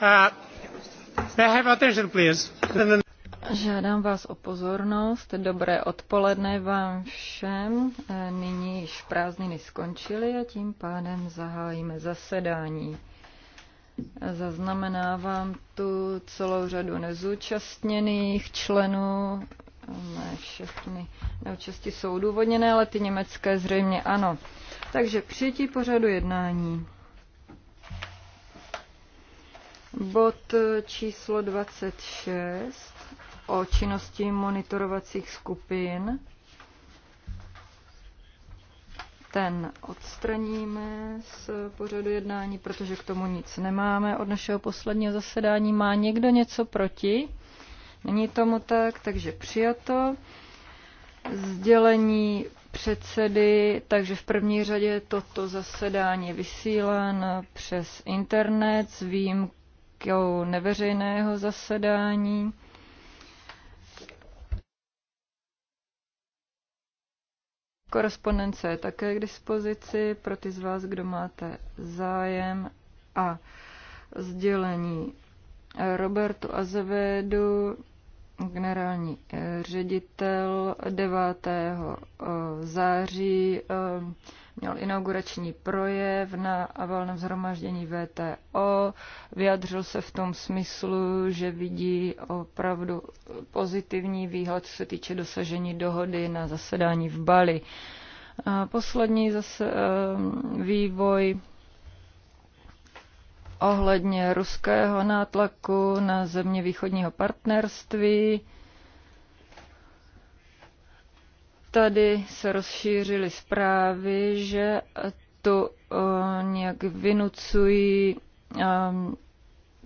Uh, Žádám vás o pozornost. Dobré odpoledne vám všem. Eh, nyní již prázdniny skončily a tím pádem zahájíme zasedání. Zaznamenávám tu celou řadu nezúčastněných členů. Ne všechny neúčasti jsou důvodněné, ale ty německé zřejmě ano. Takže přijetí pořadu jednání. Bod číslo 26 o činnosti monitorovacích skupin. Ten odstraníme z pořadu jednání, protože k tomu nic nemáme od našeho posledního zasedání. Má někdo něco proti? Není tomu tak, takže přijato. Sdělení předsedy, takže v první řadě toto zasedání vysílán přes internet s výjimkou výjimkou neveřejného zasedání. Korespondence je také k dispozici pro ty z vás, kdo máte zájem a sdělení Robertu Azevedu generální eh, ředitel 9. Eh, září eh, měl inaugurační projev na valném zhromaždění VTO. Vyjadřil se v tom smyslu, že vidí opravdu pozitivní výhled, co se týče dosažení dohody na zasedání v Bali. Poslední zase vývoj ohledně ruského nátlaku na země východního partnerství. Tady se rozšířily zprávy, že to eh, nějak vynucují ehm,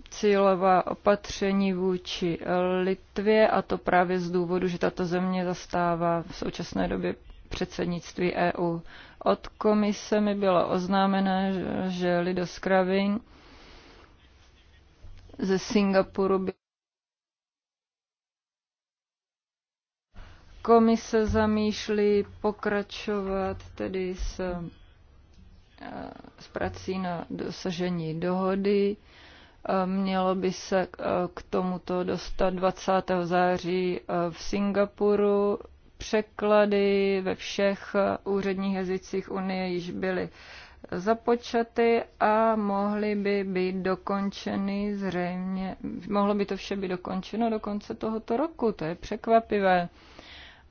cílová opatření vůči Litvě a to právě z důvodu, že tato země zastává v současné době předsednictví EU. Od komise mi bylo oznámeno, že Lido Skravin ze Singapuru by komise zamýšlí pokračovat tedy s, eh, s prací na dosažení dohody. Eh, mělo by se eh, k tomuto dostat 20. září v Singapuru. Překlady ve všech úředních jazycích Unie již byly započaty a mohly by být dokončeny zřejmě, mohlo by to vše být dokončeno do konce tohoto roku, to je překvapivé.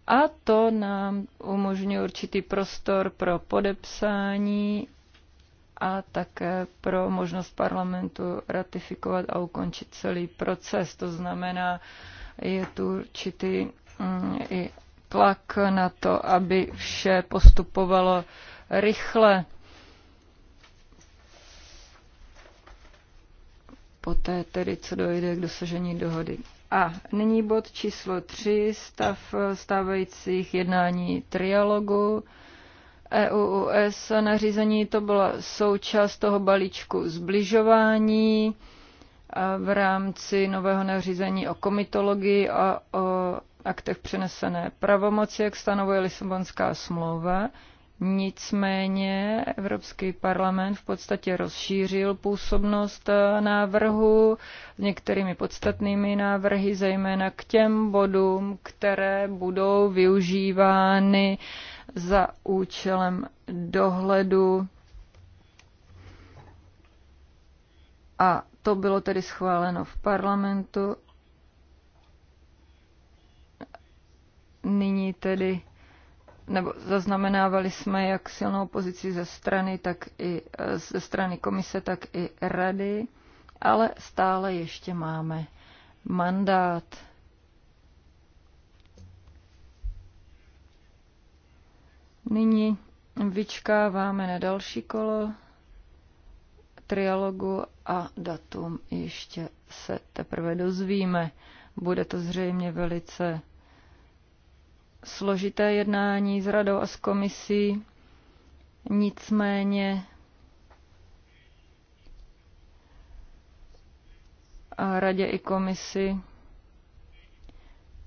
A to nám umožňuje určitý prostor pro podepsání a také pro možnost parlamentu ratifikovat a ukončit celý proces. To znamená, je tu určitý mm, i tlak na to, aby vše postupovalo rychle. poté tedy, co dojde k dosažení dohody. A nyní bod číslo 3, stav eh, stávajících jednání trialogu. EUUS nařízení to byla součást toho balíčku zbližování v rámci nového nařízení o komitologii a o aktech přenesené pravomoci, jak stanovuje Lisabonská smlouva. Nicméně Evropský parlament v podstatě rozšířil působnost eh, návrhu s některými podstatnými návrhy, zejména k těm bodům, které budou využívány za účelem dohledu. A to bylo tedy schváleno v parlamentu. Nyní tedy nebo zaznamenávali jsme jak silnou pozici ze strany, tak i, eh, ze strany komise, tak i rady, ale stále ještě máme mandát. Nyní vyčkáváme na další kolo trialogu a datum ještě se teprve dozvíme. Bude to zřejmě velice složité jednání s radou a s komisí, nicméně a radě i komisi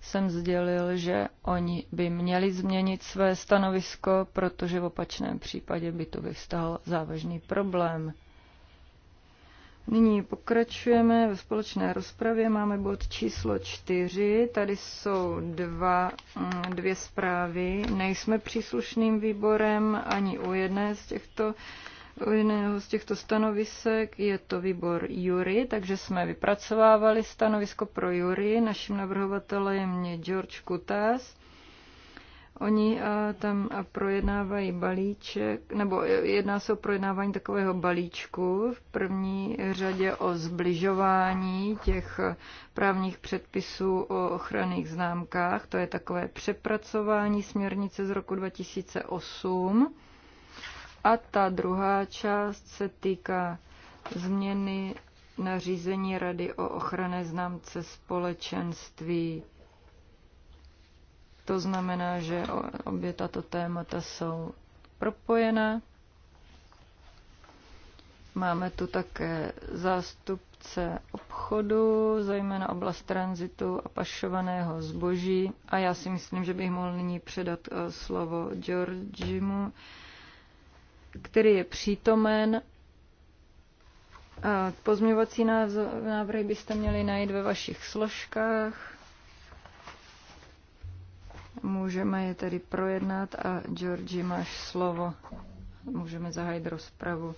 jsem sdělil, že oni by měli změnit své stanovisko, protože v opačném případě by to vyvstal závažný problém. Nyní pokračujeme ve společné rozpravě. Máme bod číslo čtyři. Tady jsou dva, mm, dvě zprávy. Nejsme příslušným výborem ani u jedné z těchto u jedného z těchto stanovisek je to výbor Jury, takže jsme vypracovávali stanovisko pro Jury. Naším navrhovatelem je George Kutas. Oni a eh, tam a projednávají balíček, nebo jedná se o projednávání takového balíčku, v první řadě o zbližování těch právních předpisů o ochranných známkách, to je takové přepracování směrnice z roku 2008. A ta druhá část se týká změny nařízení Rady o ochranné známce společenství to znamená, že obě tato témata jsou propojená. Máme tu také zástupce obchodu, zejména oblast tranzitu a pašovaného zboží. A já si myslím, že bych mohl nyní předat eh, slovo Georgimu, který je přítomen. Eh, pozměňovací návrhy byste měli najít ve vašich složkách. Můžeme je tedy projednat a Georgi, máš slovo. Můžeme zahájit rozpravu.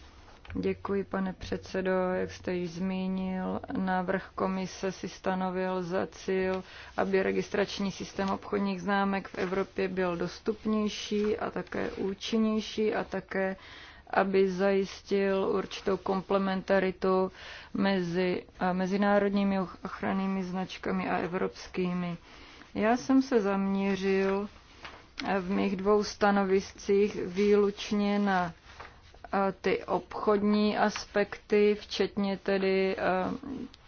Děkuji, pane předsedo. Jak jste již zmínil, návrh komise si stanovil za cíl, aby registrační systém obchodních známek v Evropě byl dostupnější a také účinnější a také aby zajistil určitou komplementaritu mezi mezinárodními ochrannými značkami a evropskými. Já jsem se zaměřil eh, v mých dvou stanoviscích výlučně na eh, ty obchodní aspekty, včetně tedy eh,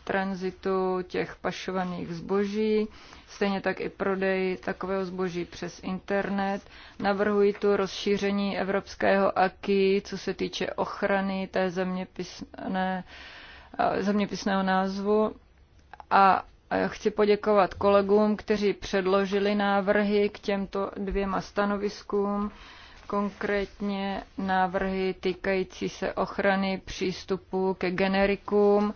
tranzitu těch pašovaných zboží, stejně tak i prodej takového zboží přes internet. Navrhuji tu rozšíření evropského AKI, co se týče ochrany té zeměpisné, zeměpisného názvu a Chci poděkovat kolegům, kteří předložili návrhy k těmto dvěma stanoviskům, konkrétně návrhy týkající se ochrany přístupu ke generikům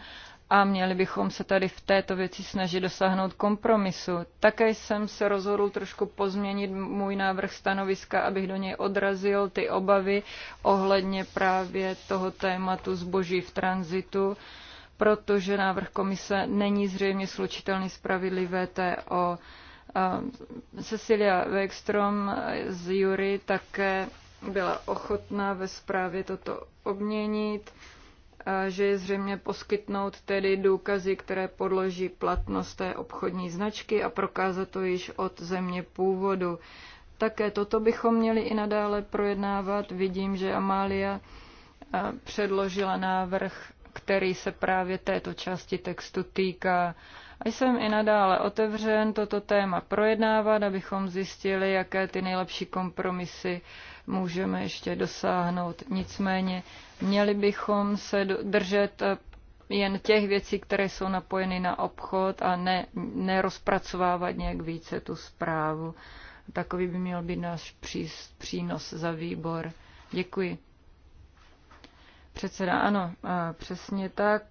a měli bychom se tady v této věci snažit dosáhnout kompromisu. Také jsem se rozhodl trošku pozměnit můj návrh stanoviska, abych do něj odrazil ty obavy ohledně právě toho tématu zboží v tranzitu protože návrh komise není zřejmě slučitelný s pravidly VTO. Cecilia Wegström z Jury také byla ochotná ve zprávě toto obměnit, že je zřejmě poskytnout tedy důkazy, které podloží platnost té obchodní značky a prokázat to již od země původu. Také toto bychom měli i nadále projednávat. Vidím, že Amália předložila návrh který se právě této části textu týká. A jsem i nadále otevřen toto téma projednávat, abychom zjistili, jaké ty nejlepší kompromisy můžeme ještě dosáhnout. Nicméně měli bychom se držet eh, jen těch věcí, které jsou napojeny na obchod a ne, nerozpracovávat nějak více tu zprávu. Takový by měl být náš přínos za výbor. Děkuji. Předseda, ano, přesně tak.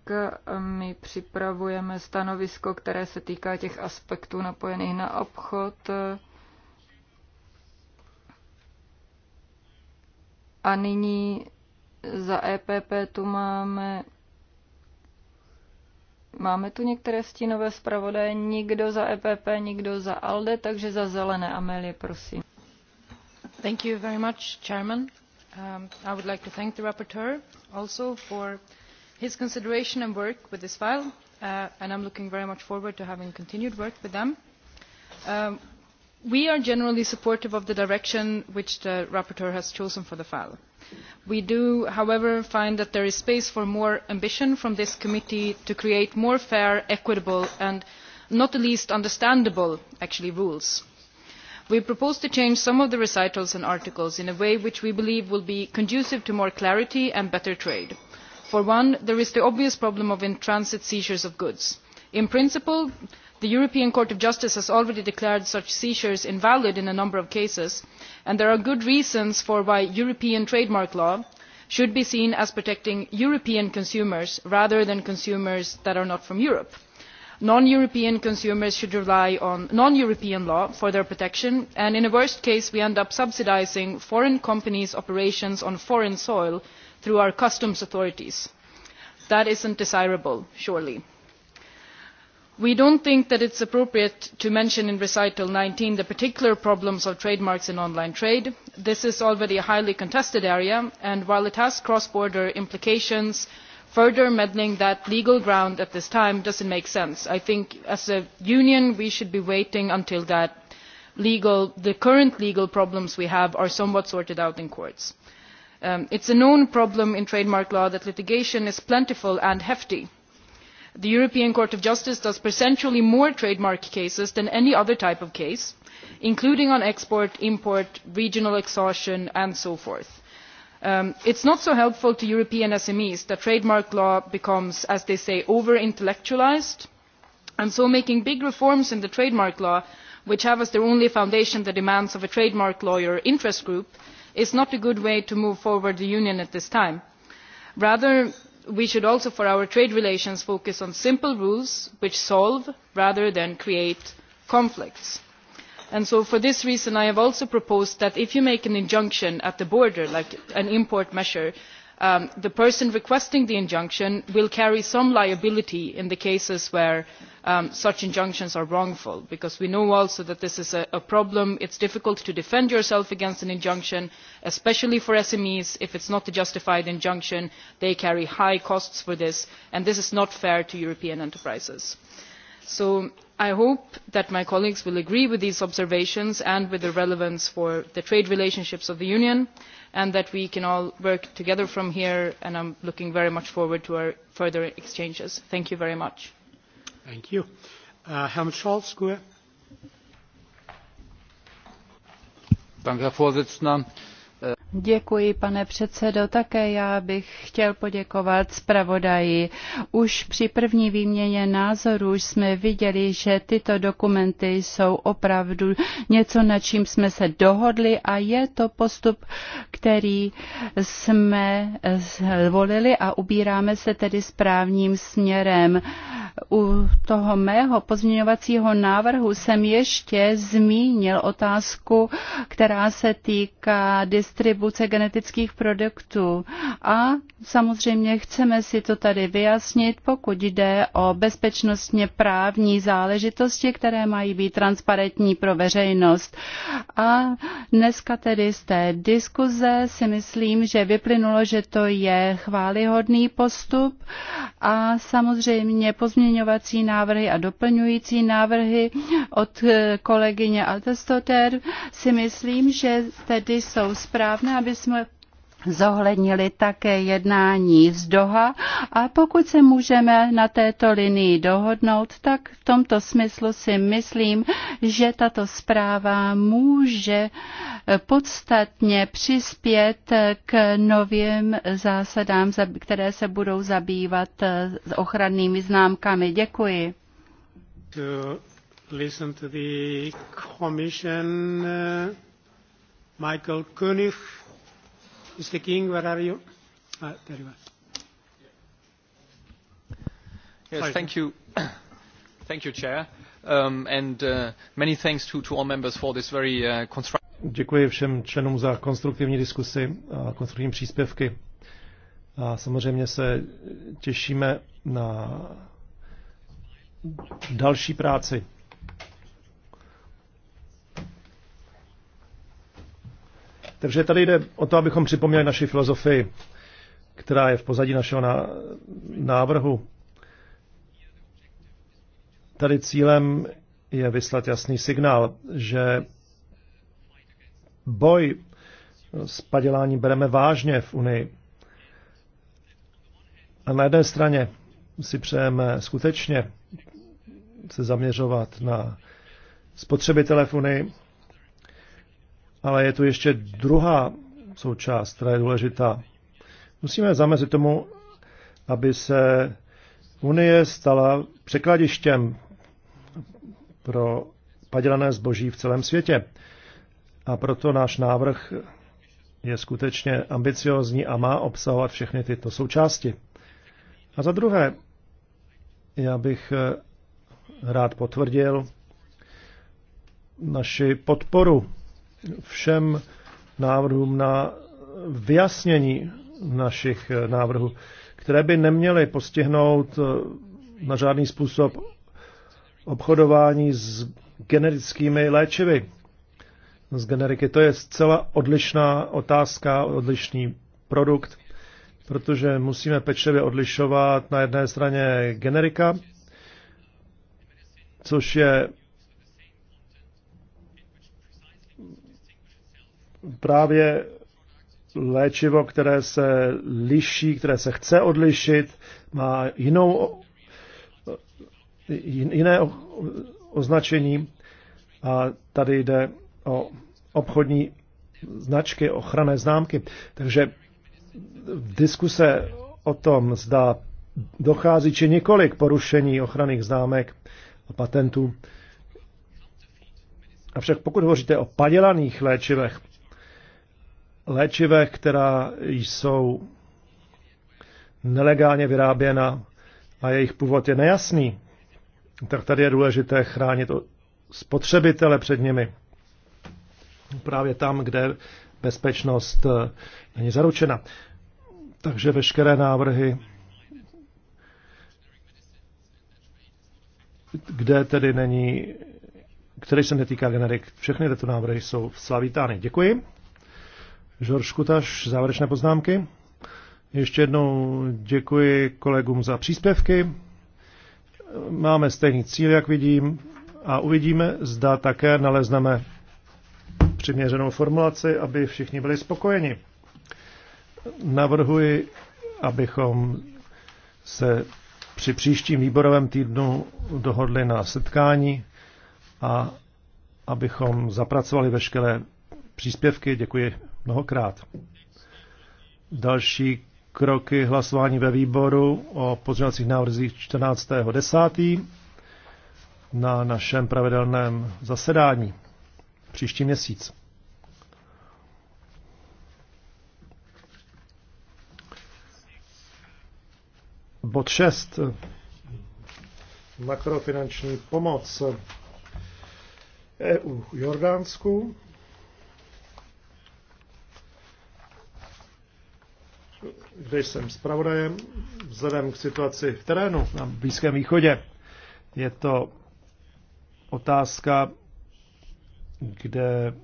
My připravujeme stanovisko, které se týká těch aspektů napojených na obchod. A nyní za EPP tu máme Máme tu některé stínové zpravodaje, nikdo za EPP, nikdo za ALDE, takže za zelené Amelie, prosím. Thank you very much, Chairman. Um, I would like to thank the rapporteur also for his consideration and work with this file, uh, and I'm looking very much forward to having continued work with them. Um, we are generally supportive of the direction which the rapporteur has chosen for the file. we do however find that there is space for more ambition from this committee to create more fair equitable and not least understandable actually, rules we propose to change some of the recitals and articles in a way which we believe will be conducive to more clarity and better trade. for one there is the obvious problem of in transit seizures of goods. in principle the european court of justice has already declared such seizures invalid in a number of cases and there are good reasons why european trademark law should be seen as protecting european consumers rather than consumers that are not from europe non european consumers should rely on non european law for their protection and in a worst case we end up subsidising foreign companies' operations on foreign soil through our customs authorities. that is not desirable surely. we do not think that it is appropriate to mention in recital nineteen the particular problems of trademarks in online trade. this is already a highly contested area and while it has cross border implications further amending that legal ground at this time does not make sense. i think as a union we should be waiting until the current legal problems we have are somewhat sorted out in courts. Um, it is a known problem in trademark law that litigation is plentiful and hefty. the european court of justice does percentually more trademark cases than any other type of case including on export import regional exhaustion and so forth Um, it is not so helpful to european smes that trademark law becomes as they say over intellectualised and so making big reforms in the trademark law which have as their only foundation the demands of a trademark lawyer interest group is not a good way to move forward the union at this time. rather we should also for our trade relations focus on simple rules which solve rather than create conflicts for this reason i have also proposed that if you make an injunction at the border like an import measure um, the person requesting the injunction will carry some liability in the cases where um, such injunctions are wrongful because we know also that this is a problem it is difficult to defend yourself against an injunction especially for smes if it is not a justified injunction they carry high costs for this and this is not fair to european enterprises so i hope that my colleagues will agree with these observations and with the relevance for the trade relationships of the union and that we can all work together from here and i am looking very much forward to our further exchanges. thank you very much. Uh, Děkuji, pane předsedo. Také já bych chtěl poděkovat zpravodaji. Už při první výměně názorů jsme viděli, že tyto dokumenty jsou opravdu něco, na čím jsme se dohodli a je to postup, který jsme zvolili a ubíráme se tedy správným směrem. U toho mého pozměňovacího návrhu jsem ještě zmínil otázku, která se týká distribuce distribuce genetických produktů. A samozřejmě chceme si to tady vyjasnit, pokud jde o bezpečnostně právní záležitosti, které mají být transparentní pro veřejnost. A dneska tedy z té diskuze si myslím, že vyplynulo, že to je chválihodný postup a samozřejmě pozměňovací návrhy a doplňující návrhy od kolegyně Altestoter si myslím, že tedy jsou správné potřebné, aby jsme zohlednili také jednání z Doha a pokud se můžeme na této linii dohodnout, tak v tomto smyslu si myslím, že tato zpráva může podstatně přispět k novým zásadám, které se budou zabývat eh, s ochrannými známkami. Děkuji. To listen to the commission, eh, Michael Děkuji všem členům za konstruktivní diskusy a konstruktivní příspěvky. A samozřejmě se těšíme na další práci. Takže tady jde o to, abychom připomněli naši filozofii, která je v pozadí našeho návrhu. Tady cílem je vyslat jasný signál, že boj s paděláním bereme vážně v Unii. A na jedné straně si přejeme skutečně se zaměřovat na spotřebitele v Unii ale je tu ještě druhá součást, která je důležitá. Musíme zamezit tomu, aby se Unie stala překladištěm pro padělané zboží v celém světě. A proto náš návrh je skutečně ambiciozní a má obsahovat všechny tyto součásti. A za druhé, já bych eh, rád potvrdil naši podporu všem návrhům na vyjasnění našich eh, návrhů, které by neměly postihnout eh, na žádný způsob obchodování s generickými léčivy. Z generiky to je zcela odlišná otázka, odlišný produkt, protože musíme pečlivě odlišovat na jedné straně generika, což je právě léčivo, které se liší, které se chce odlišit, má jinou, jiné označení a tady jde o obchodní značky, ochranné známky. Takže v diskuse o tom, zda dochází či několik porušení ochranných známek a patentů. Avšak pokud hovoříte o padělaných léčivech, léčivech, která jsou nelegálně vyráběna a jejich původ je nejasný, tak tady je důležité chránit spotřebitele před nimi. Právě tam, kde bezpečnost eh, není zaručena. Takže veškeré návrhy, kde tedy není, které se netýká generik, všechny tyto návrhy jsou v Slavitány. Děkuji. Žorž Kutaš, závěrečné poznámky. Ještě jednou děkuji kolegům za příspěvky. Máme stejný cíl, jak vidím, a uvidíme, zda také nalezneme přiměřenou formulaci, aby všichni byli spokojeni. Navrhuji, abychom se při příštím výborovém týdnu dohodli na setkání a abychom zapracovali veškeré příspěvky. Děkuji mnohokrát. Další kroky hlasování ve výboru o pozměňovacích návrzích 14.10. na našem pravidelném zasedání příští měsíc. Bod 6. Makrofinanční pomoc EU Jordánsku. kde jsem zpravodajem, vzhledem k situaci v terénu na Blízkém východě. Je to otázka, kde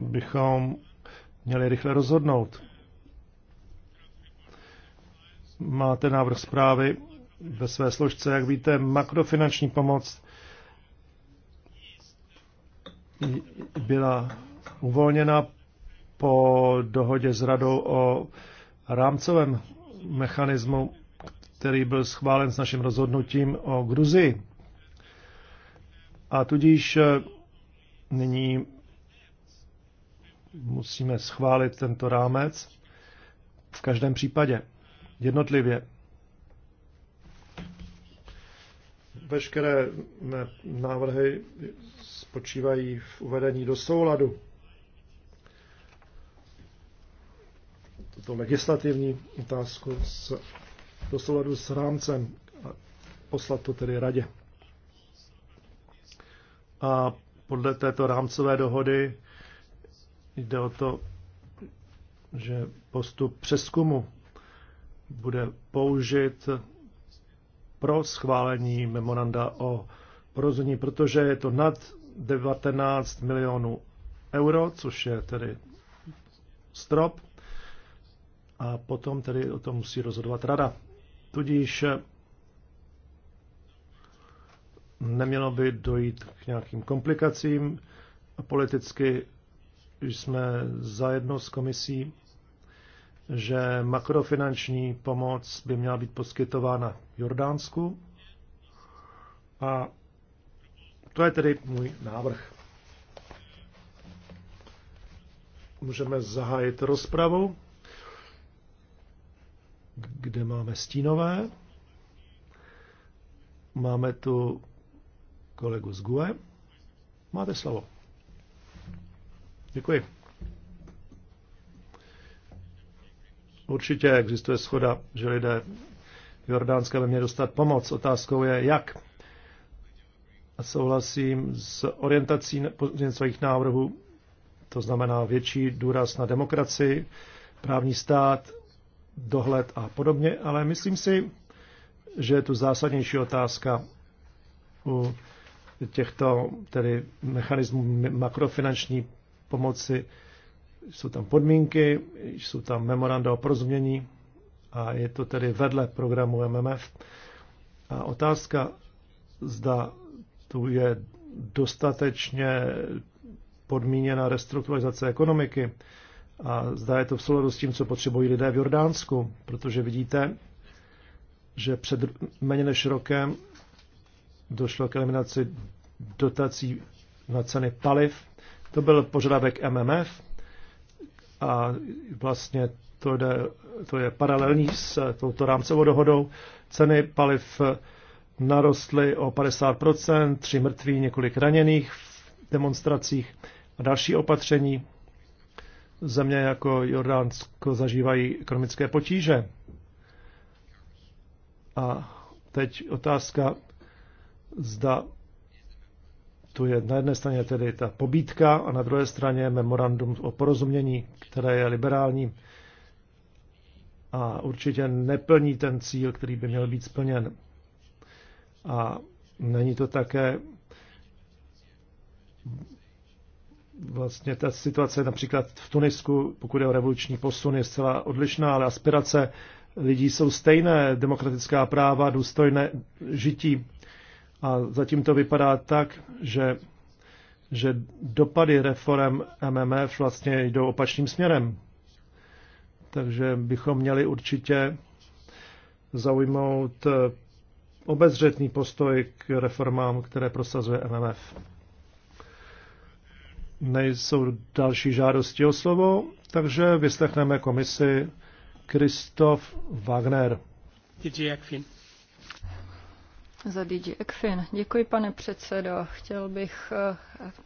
bychom měli rychle rozhodnout. Máte návrh zprávy ve své složce, jak víte, makrofinanční pomoc byla uvolněna po dohodě s radou o rámcovém mechanismu, který byl schválen s naším rozhodnutím o Gruzii. A tudíž eh, nyní musíme schválit tento rámec v každém případě, jednotlivě. Veškeré návrhy spočívají v uvedení do souladu tuto legislativní otázku s, do souladu s rámcem a poslat to tedy radě. A podle této rámcové dohody jde o to, že postup přeskumu bude použit pro schválení memoranda o porozumění, protože je to nad 19 milionů euro, což je tedy strop a potom tedy o tom musí rozhodovat rada. Tudíž eh, nemělo by dojít k nějakým komplikacím a politicky jsme zajedno s komisí, že makrofinanční pomoc by měla být poskytována Jordánsku. A to je tedy můj návrh. Můžeme zahájit rozpravu kde máme stínové. Máme tu kolegu z GUE. Máte slovo. Děkuji. Určitě existuje schoda, že lidé v Jordánské by měli dostat pomoc. Otázkou je, jak. A souhlasím s orientací svých návrhů, to znamená větší důraz na demokracii, právní stát, dohled a podobně, ale myslím si, že je tu zásadnější otázka u těchto tedy mechanismů makrofinanční pomoci. Jsou tam podmínky, jsou tam memoranda o porozumění a je to tedy vedle programu MMF. A otázka, zda tu je dostatečně podmíněna restrukturalizace ekonomiky a zda je to v souladu s tím, co potřebují lidé v Jordánsku, protože vidíte, že před méně než rokem došlo k eliminaci dotací na ceny paliv. To byl požadavek MMF a vlastně to, jde, to je paralelní s touto rámcovou dohodou. Ceny paliv narostly o 50%, tři mrtví, několik raněných v demonstracích a další opatření země jako Jordánsko zažívají ekonomické potíže. A teď otázka, zda tu je na jedné straně tedy ta pobítka a na druhé straně memorandum o porozumění, které je liberální a určitě neplní ten cíl, který by měl být splněn. A není to také vlastně ta situace například v Tunisku, pokud je o revoluční posun, je zcela odlišná, ale aspirace lidí jsou stejné, demokratická práva, důstojné žití. A zatím to vypadá tak, že, že dopady reform MMF vlastně jdou opačným směrem. Takže bychom měli určitě zaujmout eh, obezřetný postoj k reformám, které prosazuje MMF. Nejsou další žádosti o slovo, takže vyslechneme komisi Kristof Wagner. Didi Ekfin. Za DJ Ekfin. Děkuji, pane předsedo. Chtěl bych eh,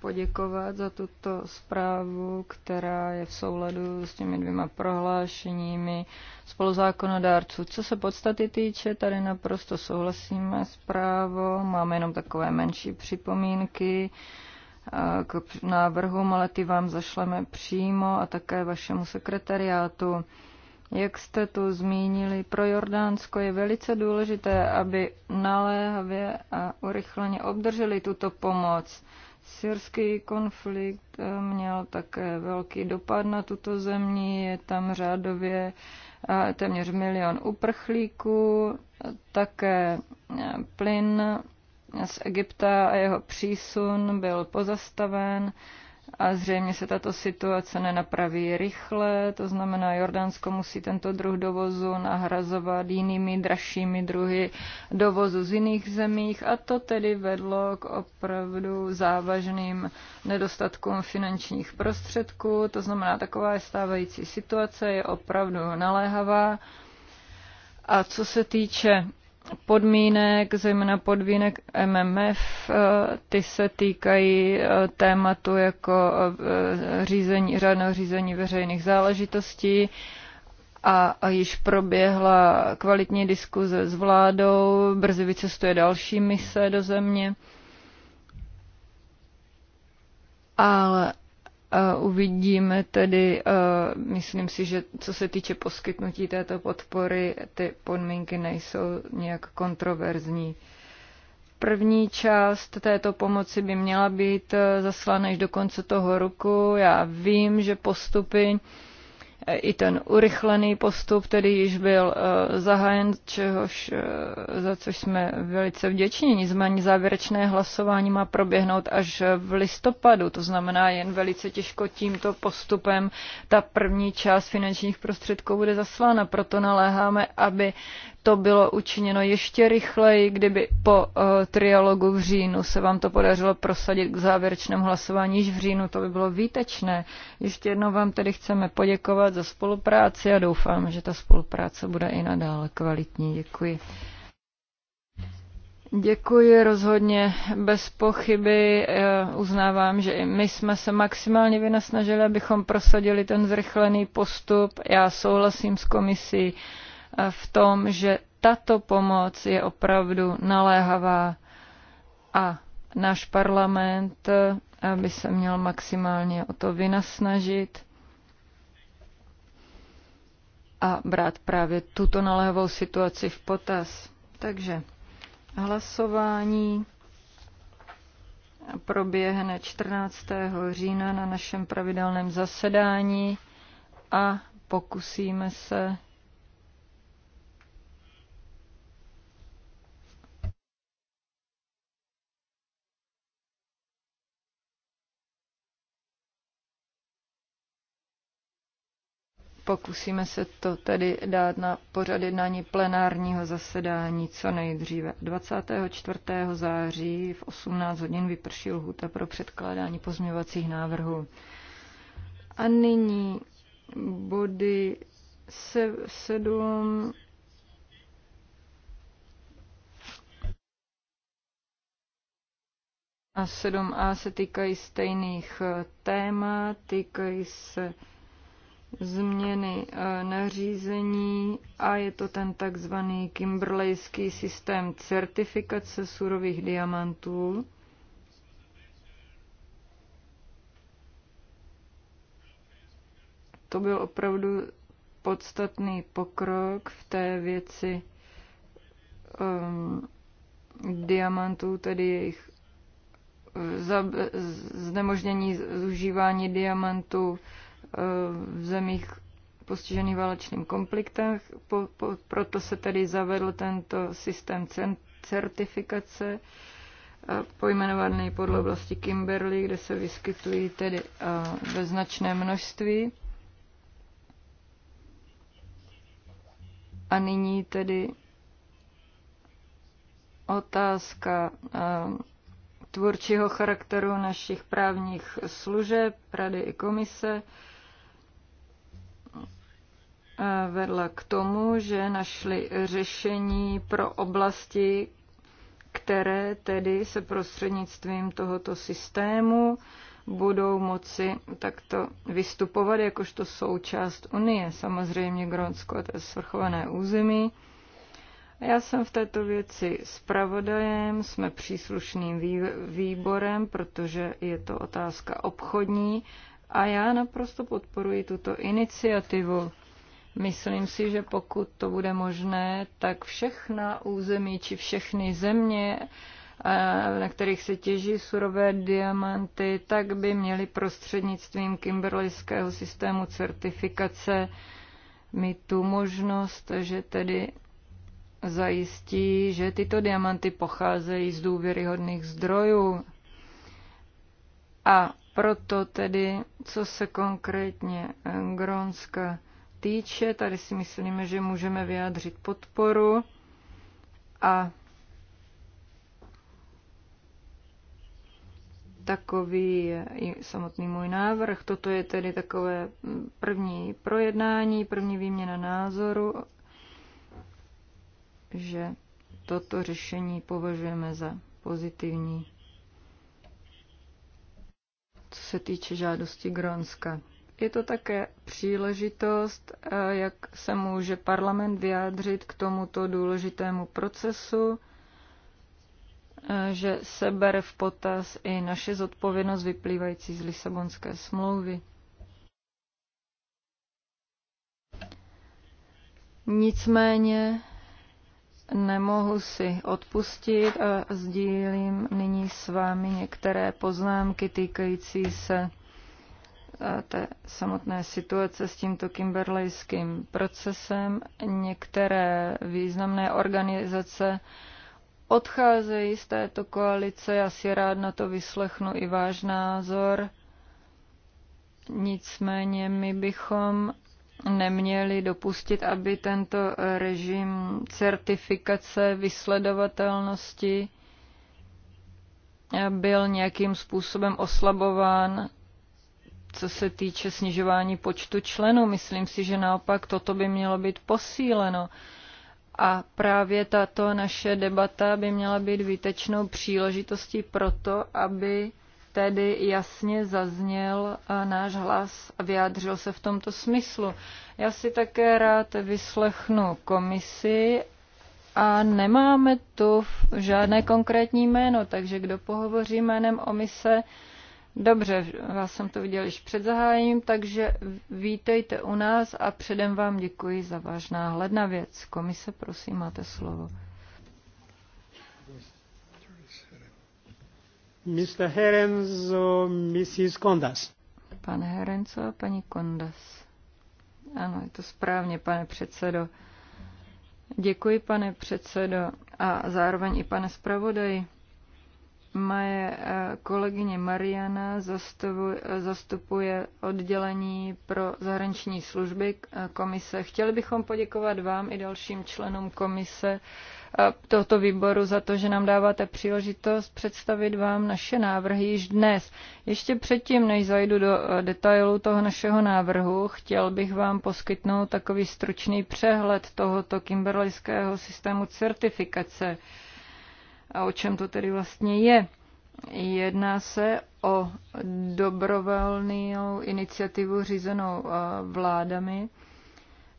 poděkovat za tuto zprávu, která je v souladu s těmi dvěma prohlášeními spoluzákonodárců. Co se podstaty týče, tady naprosto souhlasíme s právo. Máme jenom takové menší připomínky k návrhům, ale ty vám zašleme přímo a také vašemu sekretariátu. Jak jste tu zmínili, pro Jordánsko je velice důležité, aby naléhavě a urychleně obdrželi tuto pomoc. Syrský konflikt eh, měl také velký dopad na tuto zemi, je tam řádově eh, téměř milion uprchlíků, také eh, plyn z Egypta a jeho přísun byl pozastaven a zřejmě se tato situace nenapraví rychle, to znamená Jordánsko musí tento druh dovozu nahrazovat jinými dražšími druhy dovozu z jiných zemích a to tedy vedlo k opravdu závažným nedostatkům finančních prostředků, to znamená taková je stávající situace, je opravdu naléhavá. A co se týče podmínek, zejména podmínek MMF, eh, ty se týkají eh, tématu jako eh, řízení, řádného řízení veřejných záležitostí a, již proběhla kvalitní diskuze s vládou, brzy vycestuje další mise do země. Ale Uvidíme tedy, myslím si, že co se týče poskytnutí této podpory, ty podmínky nejsou nějak kontroverzní. První část této pomoci by měla být e, zaslána již do konce toho roku. Já vím, že postupy i ten urychlený postup, který již byl eh, zahájen, čehož, eh, za což jsme velice vděční. Nicméně závěrečné hlasování má proběhnout až v listopadu, to znamená jen velice těžko tímto postupem ta první část finančních prostředků bude zaslána. Proto naléháme, aby to bylo učiněno ještě rychleji, kdyby po uh, trialogu v říjnu se vám to podařilo prosadit k závěrečnému hlasování již v říjnu, to by bylo výtečné. Ještě jednou vám tedy chceme poděkovat za spolupráci a doufám, že ta spolupráce bude i nadále kvalitní. Děkuji. Děkuji rozhodně. Bez pochyby eh, uznávám, že i my jsme se maximálně vynasnažili, abychom prosadili ten zrychlený postup. Já souhlasím s komisí v tom, že tato pomoc je opravdu naléhavá a náš parlament by se měl maximálně o to vynasnažit a brát právě tuto naléhavou situaci v potaz. Takže hlasování proběhne 14. října na našem pravidelném zasedání a pokusíme se Pokusíme se to tedy dát na pořad jednání plenárního zasedání co nejdříve. 24. září v 18 hodin vyprší lhuta pro předkládání pozměvacích návrhů. A nyní body 7. A 7a se týkají stejných témat, týkají se změny eh, nařízení a je to ten takzvaný Kimberleyský systém certifikace surových diamantů. To byl opravdu podstatný pokrok v té věci um, diamantů, tedy jejich eh, znemožnění zužívání diamantů v zemích postižených válečným konfliktem, po, po, proto se tedy zavedl tento systém certifikace, eh, pojmenovaný podle oblasti Kimberley, kde se vyskytují tedy eh, ve značné množství. A nyní tedy otázka eh, tvůrčího charakteru našich právních služeb, rady i komise vedla k tomu, že našli řešení pro oblasti, které tedy se prostřednictvím tohoto systému budou moci takto vystupovat jakožto součást Unie. Samozřejmě Grónsko to je svrchované území. Já jsem v této věci zpravodajem, jsme příslušným výborem, protože je to otázka obchodní a já naprosto podporuji tuto iniciativu. Myslím si, že pokud to bude možné, tak všechna území či všechny země, eh, na kterých se těží surové diamanty, tak by měly prostřednictvím kimberlejského systému certifikace mít tu možnost, že tedy zajistí, že tyto diamanty pocházejí z důvěryhodných zdrojů. A proto tedy, co se konkrétně eh, Grónska týče, tady si myslíme, že můžeme vyjádřit podporu a takový je i samotný můj návrh. Toto je tedy takové první projednání, první výměna názoru, že toto řešení považujeme za pozitivní. Co se týče žádosti Gronska je to také příležitost, eh, jak se může parlament vyjádřit k tomuto důležitému procesu, eh, že se bere v potaz i naše zodpovědnost vyplývající z Lisabonské smlouvy. Nicméně nemohu si odpustit a sdílím nyní s vámi některé poznámky týkající se Eh, té samotné situace s tímto kimberlejským procesem. Některé významné organizace odcházejí z této koalice. Já si rád na to vyslechnu i váš názor. Nicméně my bychom neměli dopustit, aby tento režim certifikace vysledovatelnosti byl nějakým způsobem oslabován co se týče snižování počtu členů. Myslím si, že naopak toto by mělo být posíleno. A právě tato naše debata by měla být výtečnou příležitostí pro to, aby tedy jasně zazněl náš hlas a vyjádřil se v tomto smyslu. Já si také rád vyslechnu komisi a nemáme tu žádné konkrétní jméno, takže kdo pohovoří jménem omise, Dobře, vás jsem to viděl již před zahájením, takže vítejte u nás a předem vám děkuji za váš náhled na věc. Komise, prosím, máte slovo. Mr. Herenzo, Mrs. Kondas. Pan Herenzo a paní Kondas. Ano, je to správně, pane předsedo. Děkuji, pane předsedo, a zároveň i pane zpravodaji. Moje eh, kolegyně Mariana zastupuje oddělení pro zahraniční služby eh, komise. Chtěli bychom poděkovat vám i dalším členům komise eh, tohoto výboru za to, že nám dáváte příležitost představit vám naše návrhy již dnes. Ještě předtím, než zajdu do detailů toho našeho návrhu, chtěl bych vám poskytnout takový stručný přehled tohoto kimberlejského systému certifikace. A o čem to tedy vlastně je? Jedná se o dobrovolnou iniciativu řízenou uh, vládami.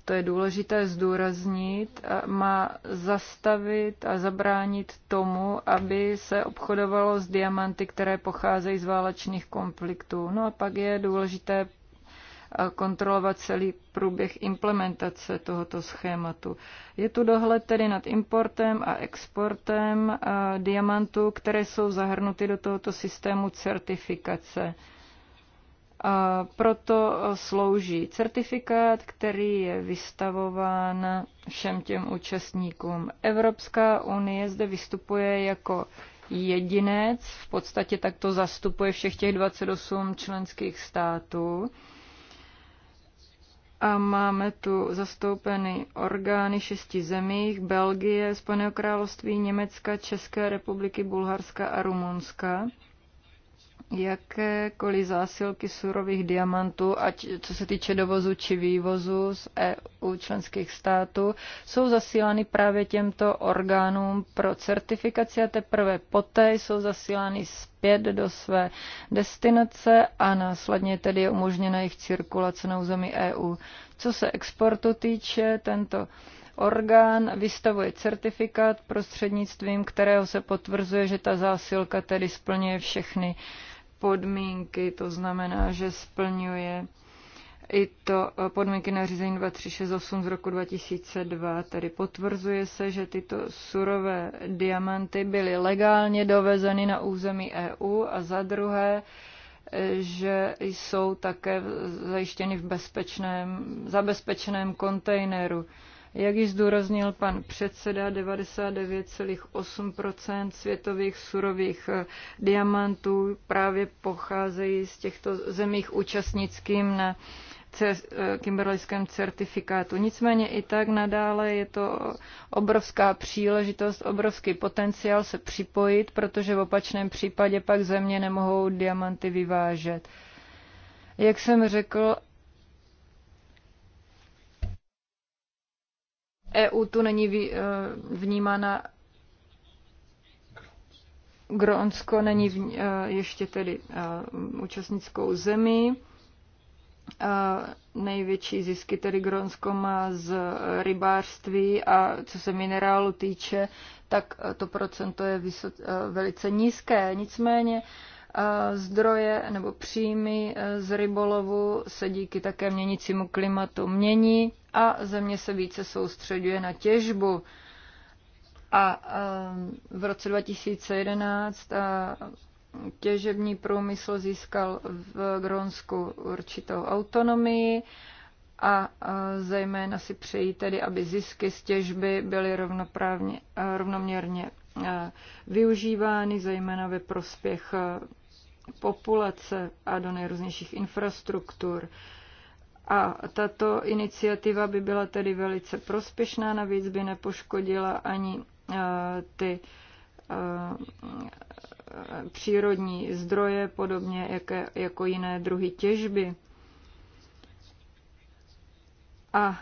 To je důležité zdůraznit. Má zastavit a zabránit tomu, aby se obchodovalo s diamanty, které pocházejí z válečných konfliktů. No a pak je důležité kontrolovat celý průběh implementace tohoto schématu. Je tu dohled tedy nad importem a exportem diamantů, které jsou zahrnuty do tohoto systému certifikace. A proto slouží certifikát, který je vystavován všem těm účastníkům. Evropská unie zde vystupuje jako jedinec, v podstatě takto zastupuje všech těch 28 členských států. A máme tu zastoupeny orgány šesti zemích, Belgie, Spojeného království, Německa, České republiky, Bulharska a Rumunska jakékoliv zásilky surových diamantů, ať co se týče dovozu či vývozu z EU členských států, jsou zasílány právě těmto orgánům pro certifikaci a teprve poté jsou zasílány zpět do své destinace a následně tedy je umožněna jejich cirkulace na území EU. Co se exportu týče, tento orgán vystavuje certifikát prostřednictvím, kterého se potvrzuje, že ta zásilka tedy splňuje všechny uh, podmínky, to znamená, že splňuje i to eh, podmínky nařízení 2368 z roku 2002, tedy potvrzuje se, že tyto surové diamanty byly legálně dovezeny na území EU a za druhé, eh, že jsou také zajištěny v bezpečném, zabezpečeném kontejneru. Jak již zdůraznil pan předseda, 99,8 světových surových eh, diamantů právě pocházejí z těchto zemích účastnickým na eh, kimberlejském certifikátu. Nicméně i tak nadále je to obrovská příležitost, obrovský potenciál se připojit, protože v opačném případě pak země nemohou diamanty vyvážet. Jak jsem řekl, EU tu není e, vnímána Grónsko není v, e, ještě tedy e, účastnickou zemí. Největší zisky tedy Gronsko má z rybářství a co se minerálu týče, tak to procento je vysok, velice nízké. Nicméně zdroje nebo příjmy e, z rybolovu se díky také měnícímu klimatu mění a země se více soustředuje na těžbu. A e, v roce 2011 e, těžební průmysl získal v Grónsku určitou autonomii a zejména si přejí tedy, aby zisky z těžby byly rovnoprávně, rovnoměrně využívány, zejména ve prospěch populace a do nejrůznějších infrastruktur. A tato iniciativa by byla tedy velice prospěšná, navíc by nepoškodila ani eh, ty eh, přírodní zdroje, podobně jaké, jako jiné druhy těžby. A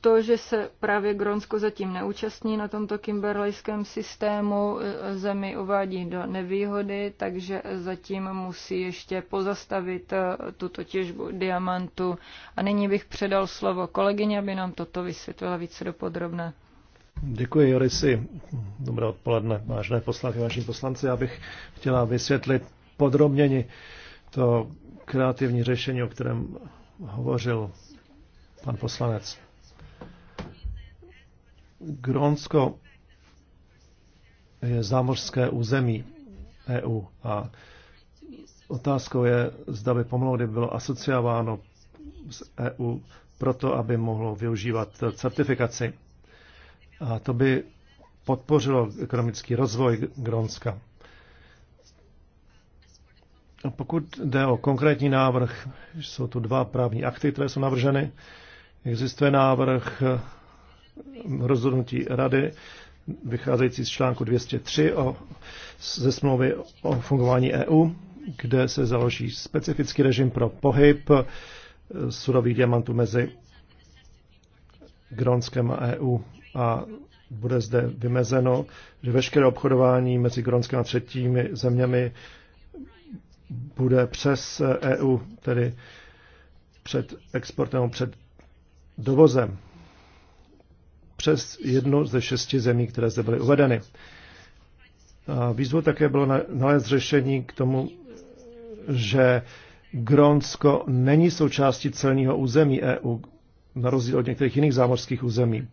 to, že se právě Gronsko zatím neúčastní na tomto kimberlejském systému, e, zemi uvádí do nevýhody, takže zatím musí ještě pozastavit e, tuto těžbu diamantu. A nyní bych předal slovo kolegyně, aby nám toto vysvětlila více dopodrobné. Děkuji, Jorisi. Dobré odpoledne, vážné poslanky, vážní poslanci. Já bych chtěla vysvětlit podrobněji to kreativní řešení, o kterém hovořil pan poslanec. Grónsko je zámořské území EU a otázkou je, zda by pomalu, kdyby bylo asociováno s EU proto, aby mohlo využívat certifikaci. A to by podpořilo ekonomický rozvoj Grónska. A pokud jde o konkrétní návrh, jsou tu dva právní akty, které jsou navrženy. Existuje návrh rozhodnutí rady vycházející z článku 203 o, ze smlouvy o fungování EU, kde se založí specifický režim pro pohyb surových diamantů mezi Gronskem a EU a bude zde vymezeno, že veškeré obchodování mezi Gronskem a třetími zeměmi bude přes EU, tedy před exportem, před dovozem přes jednu ze šesti zemí, které zde byly uvedeny. A výzvou také bylo nalézt řešení k tomu, že Grónsko není součástí celního území EU, na rozdíl od některých jiných zámořských území.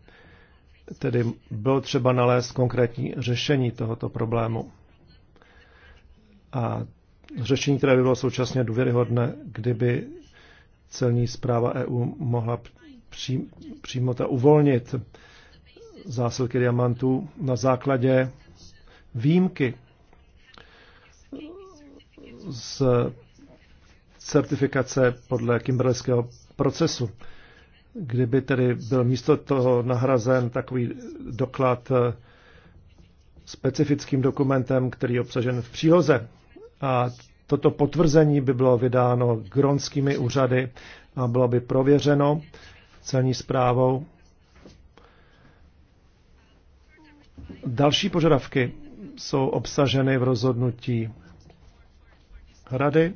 Tedy bylo třeba nalézt konkrétní řešení tohoto problému. A řešení, které by bylo současně důvěryhodné, kdyby celní zpráva EU mohla přímo ta uvolnit zásilky diamantů na základě výjimky z certifikace podle kimberlského procesu. Kdyby tedy byl místo toho nahrazen takový doklad eh, specifickým dokumentem, který je obsažen v příloze. A toto potvrzení by bylo vydáno gronskými úřady a bylo by prověřeno celní zprávou Další požadavky jsou obsaženy v rozhodnutí rady,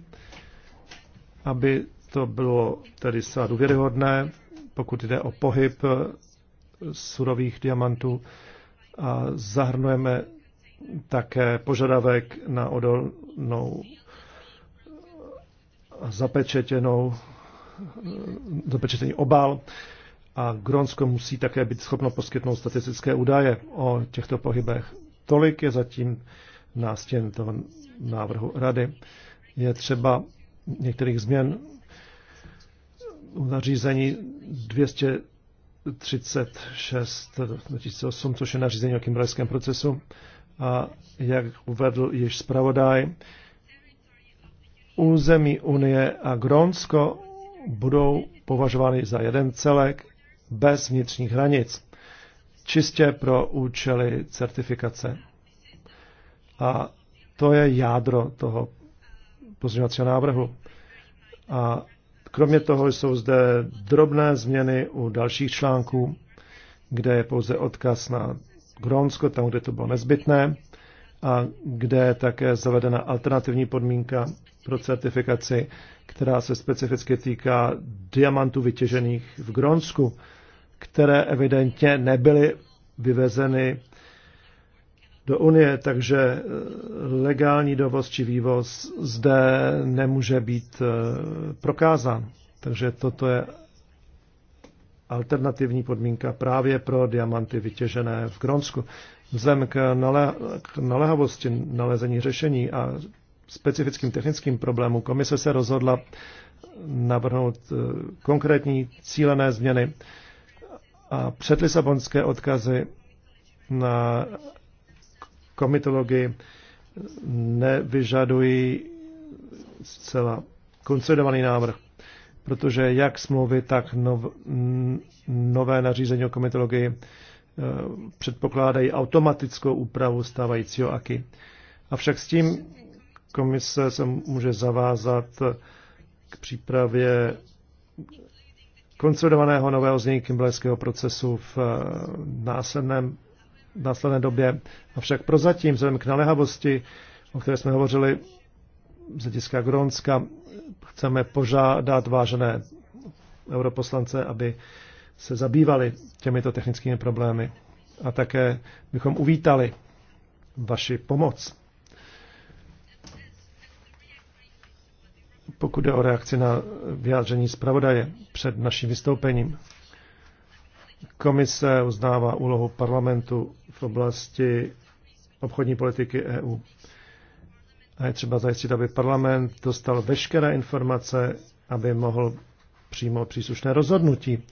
aby to bylo tedy zcela důvěryhodné, pokud jde o pohyb surových diamantů a zahrnujeme také požadavek na odolnou zapečetěnou zapečetěný obal a Grónsko musí také být schopno poskytnout statistické údaje o těchto pohybech. Tolik je zatím nástěn toho návrhu rady. Je třeba některých změn nařízení 236 2008, což je nařízení o kimberském procesu. A jak uvedl již zpravodaj, území Unie a Grónsko budou považovány za jeden celek bez vnitřních hranic, čistě pro účely certifikace. A to je jádro toho pozměňovacího návrhu. A kromě toho jsou zde drobné změny u dalších článků, kde je pouze odkaz na Gronsko, tam, kde to bylo nezbytné, a kde je také zavedena alternativní podmínka pro certifikaci, která se specificky týká diamantů vytěžených v Grónsku které evidentně nebyly vyvezeny do Unie, takže eh, legální dovoz či vývoz zde nemůže být eh, prokázán. Takže toto je alternativní podmínka právě pro diamanty vytěžené v Gronsku. Vzhledem k, nale, k nalehavosti nalezení řešení a specifickým technickým problémům komise se rozhodla navrhnout eh, konkrétní cílené změny a předlisabonské odkazy na komitologii nevyžadují zcela konsolidovaný návrh, protože jak smlouvy, tak nov, nové nařízení o komitologii eh, předpokládají automatickou úpravu stávajícího AKI. Avšak s tím komise se může zavázat k přípravě konsolidovaného nového znění kimberského procesu v eh, následném, následné době. Avšak prozatím, vzhledem k naléhavosti, o které jsme hovořili z hlediska Gronska, chceme požádat vážené europoslance, aby se zabývali těmito technickými problémy. A také bychom uvítali vaši pomoc pokud jde o reakci na vyjádření zpravodaje před naším vystoupením. Komise uznává úlohu parlamentu v oblasti obchodní politiky EU. A je třeba zajistit, aby parlament dostal veškeré informace, aby mohl přijmout příslušné rozhodnutí.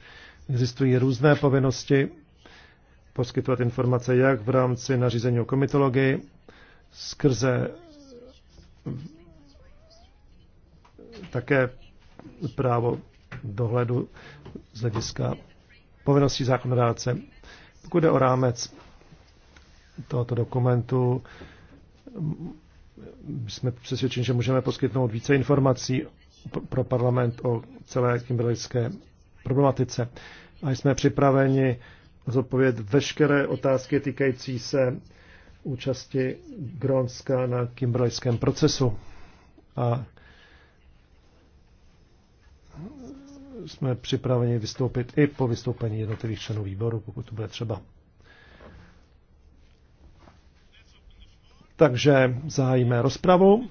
Existují různé povinnosti poskytovat informace jak v rámci nařízení o komitologii, skrze také právo dohledu z hlediska povinností zákonodáce. Pokud jde o rámec tohoto dokumentu, jsme přesvědčeni, že můžeme poskytnout více informací pro parlament o celé kimberlické problematice. A jsme připraveni zodpovědět veškeré otázky týkající se účasti Grónska na kimberlickém procesu. A jsme připraveni vystoupit i po vystoupení jednotlivých členů výboru, pokud to bude třeba. Takže zahájíme rozpravu.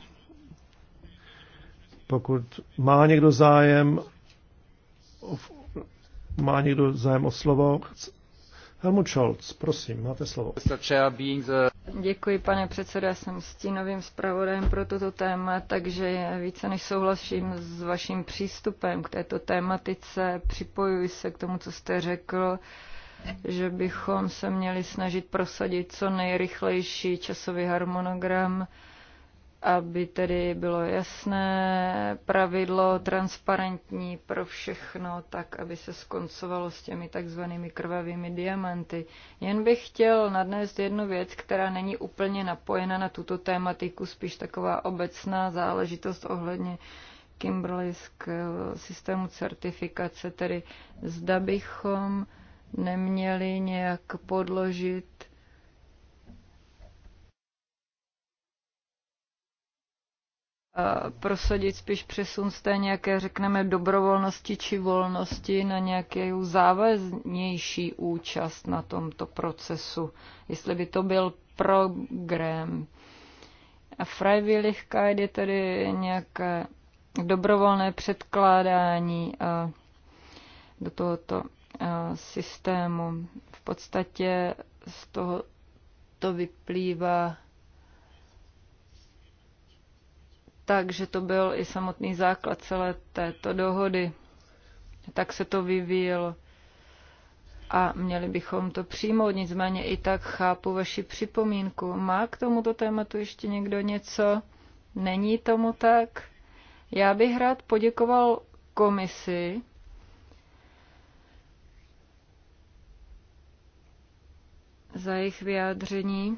Pokud má někdo zájem, má někdo zájem o slovo, Helmut Scholz, prosím, máte slovo. Děkuji, pane předsedo, já jsem stínovým zpravodajem pro toto téma, takže více než souhlasím s vaším přístupem k této tématice. Připojuji se k tomu, co jste řekl, že bychom se měli snažit prosadit co nejrychlejší časový harmonogram aby tedy bylo jasné pravidlo, transparentní pro všechno, tak aby se skoncovalo s těmi takzvanými krvavými diamanty. Jen bych chtěl nadnést jednu věc, která není úplně napojena na tuto tématiku, spíš taková obecná záležitost ohledně Kimberlyského systému certifikace, tedy zda bychom neměli nějak podložit prosadit spíš přesun z té nějaké, řekneme, dobrovolnosti či volnosti na nějakou závaznější účast na tomto procesu, jestli by to byl program. A Freiwilligkeit je tedy nějaké dobrovolné předkládání do tohoto systému. V podstatě z toho to vyplývá Takže to byl i samotný základ celé této dohody. Tak se to vyvíjelo a měli bychom to přijmout. Nicméně i tak chápu vaši připomínku. Má k tomuto tématu ještě někdo něco? Není tomu tak? Já bych rád poděkoval komisi. za jejich vyjádření.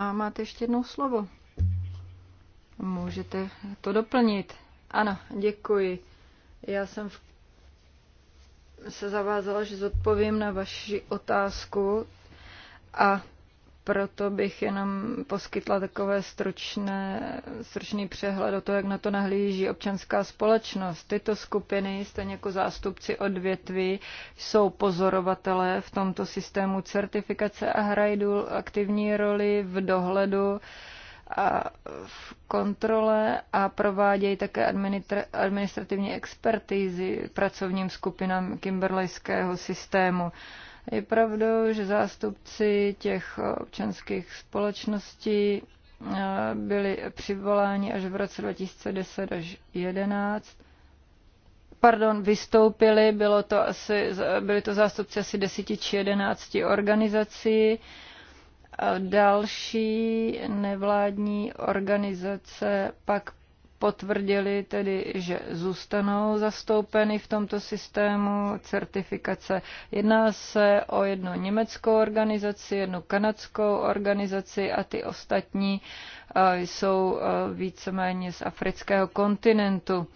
A máte ještě jedno slovo. Můžete to doplnit. Ano, děkuji. Já jsem v... se zavázala, že zodpovím na vaši otázku a proto bych jenom poskytla takové stručné, stručný přehled o to, jak na to nahlíží občanská společnost. Tyto skupiny, stejně jako zástupci odvětví, jsou pozorovatelé v tomto systému certifikace a hrají aktivní roli v dohledu a v kontrole a provádějí také administrativní expertízy pracovním skupinám kimberlejského systému. Je pravdou, že zástupci těch občanských společností eh, byli přivoláni až v roce 2010 až 2011. Pardon, vystoupili, bylo to asi, byli to zástupci asi 10 či 11 organizací. Další nevládní organizace pak potvrdili tedy, že zůstanou zastoupeny v tomto systému certifikace. Jedná se o jednu německou organizaci, jednu kanadskou organizaci a ty ostatní eh, jsou eh, víceméně z afrického kontinentu.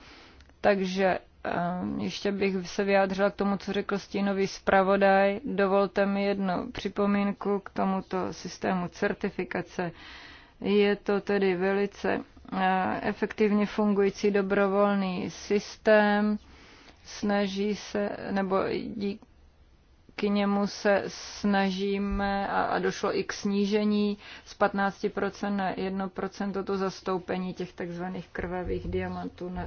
Takže eh, ještě bych se vyjádřila k tomu, co řekl stínový zpravodaj. Dovolte mi jednu připomínku k tomuto systému certifikace. Je to tedy velice eh, efektivně fungující dobrovolný systém, snaží se, nebo díky němu se snažíme a, a došlo i k snížení z 15% na 1% to zastoupení těch takzvaných krvavých diamantů na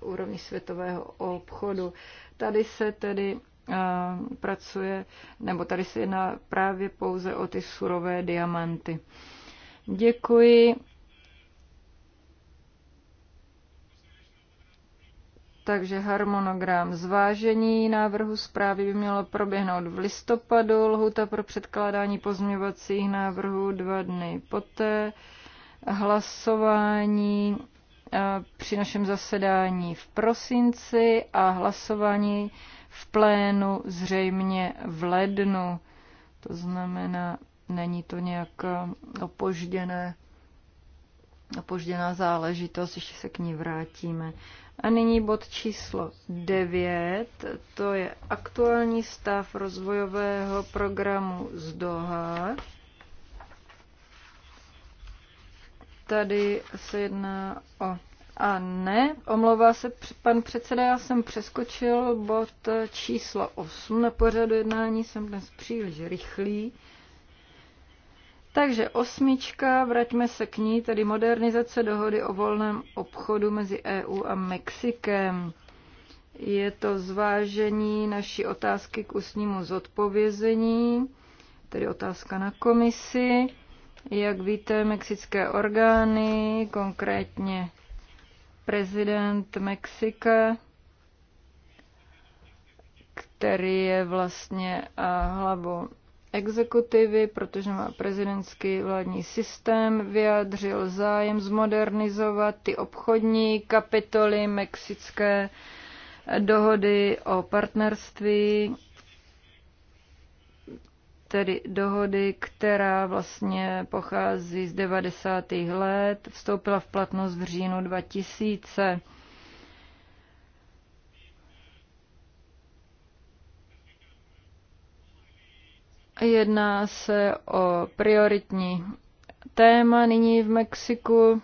úrovni světového obchodu. Tady se tedy eh, pracuje, nebo tady se jedná právě pouze o ty surové diamanty. Děkuji. Takže harmonogram zvážení návrhu zprávy by mělo proběhnout v listopadu, lhuta pro předkládání pozměvacích návrhů dva dny poté, hlasování eh, při našem zasedání v prosinci a hlasování v plénu zřejmě v lednu. To znamená Není to nějak eh, opožděné, opožděná záležitost, ještě se k ní vrátíme. A nyní bod číslo 9, to je aktuální stav rozvojového programu z Doha. Tady se jedná o... A ne, omlouvá se pan předseda, já jsem přeskočil bod číslo 8 na pořadu jednání, jsem dnes příliš rychlý. Takže osmička, vraťme se k ní, tedy modernizace dohody o volném obchodu mezi EU a Mexikem. Je to zvážení naší otázky k ústnímu zodpovězení, tedy otázka na komisi. Jak víte, mexické orgány, konkrétně prezident Mexika, který je vlastně hlavou exekutivy, protože má prezidentský vládní systém, vyjádřil zájem zmodernizovat ty obchodní kapitoly mexické dohody o partnerství, tedy dohody, která vlastně pochází z 90. let, vstoupila v platnost v říjnu 2000. Jedná se o prioritní téma nyní v Mexiku,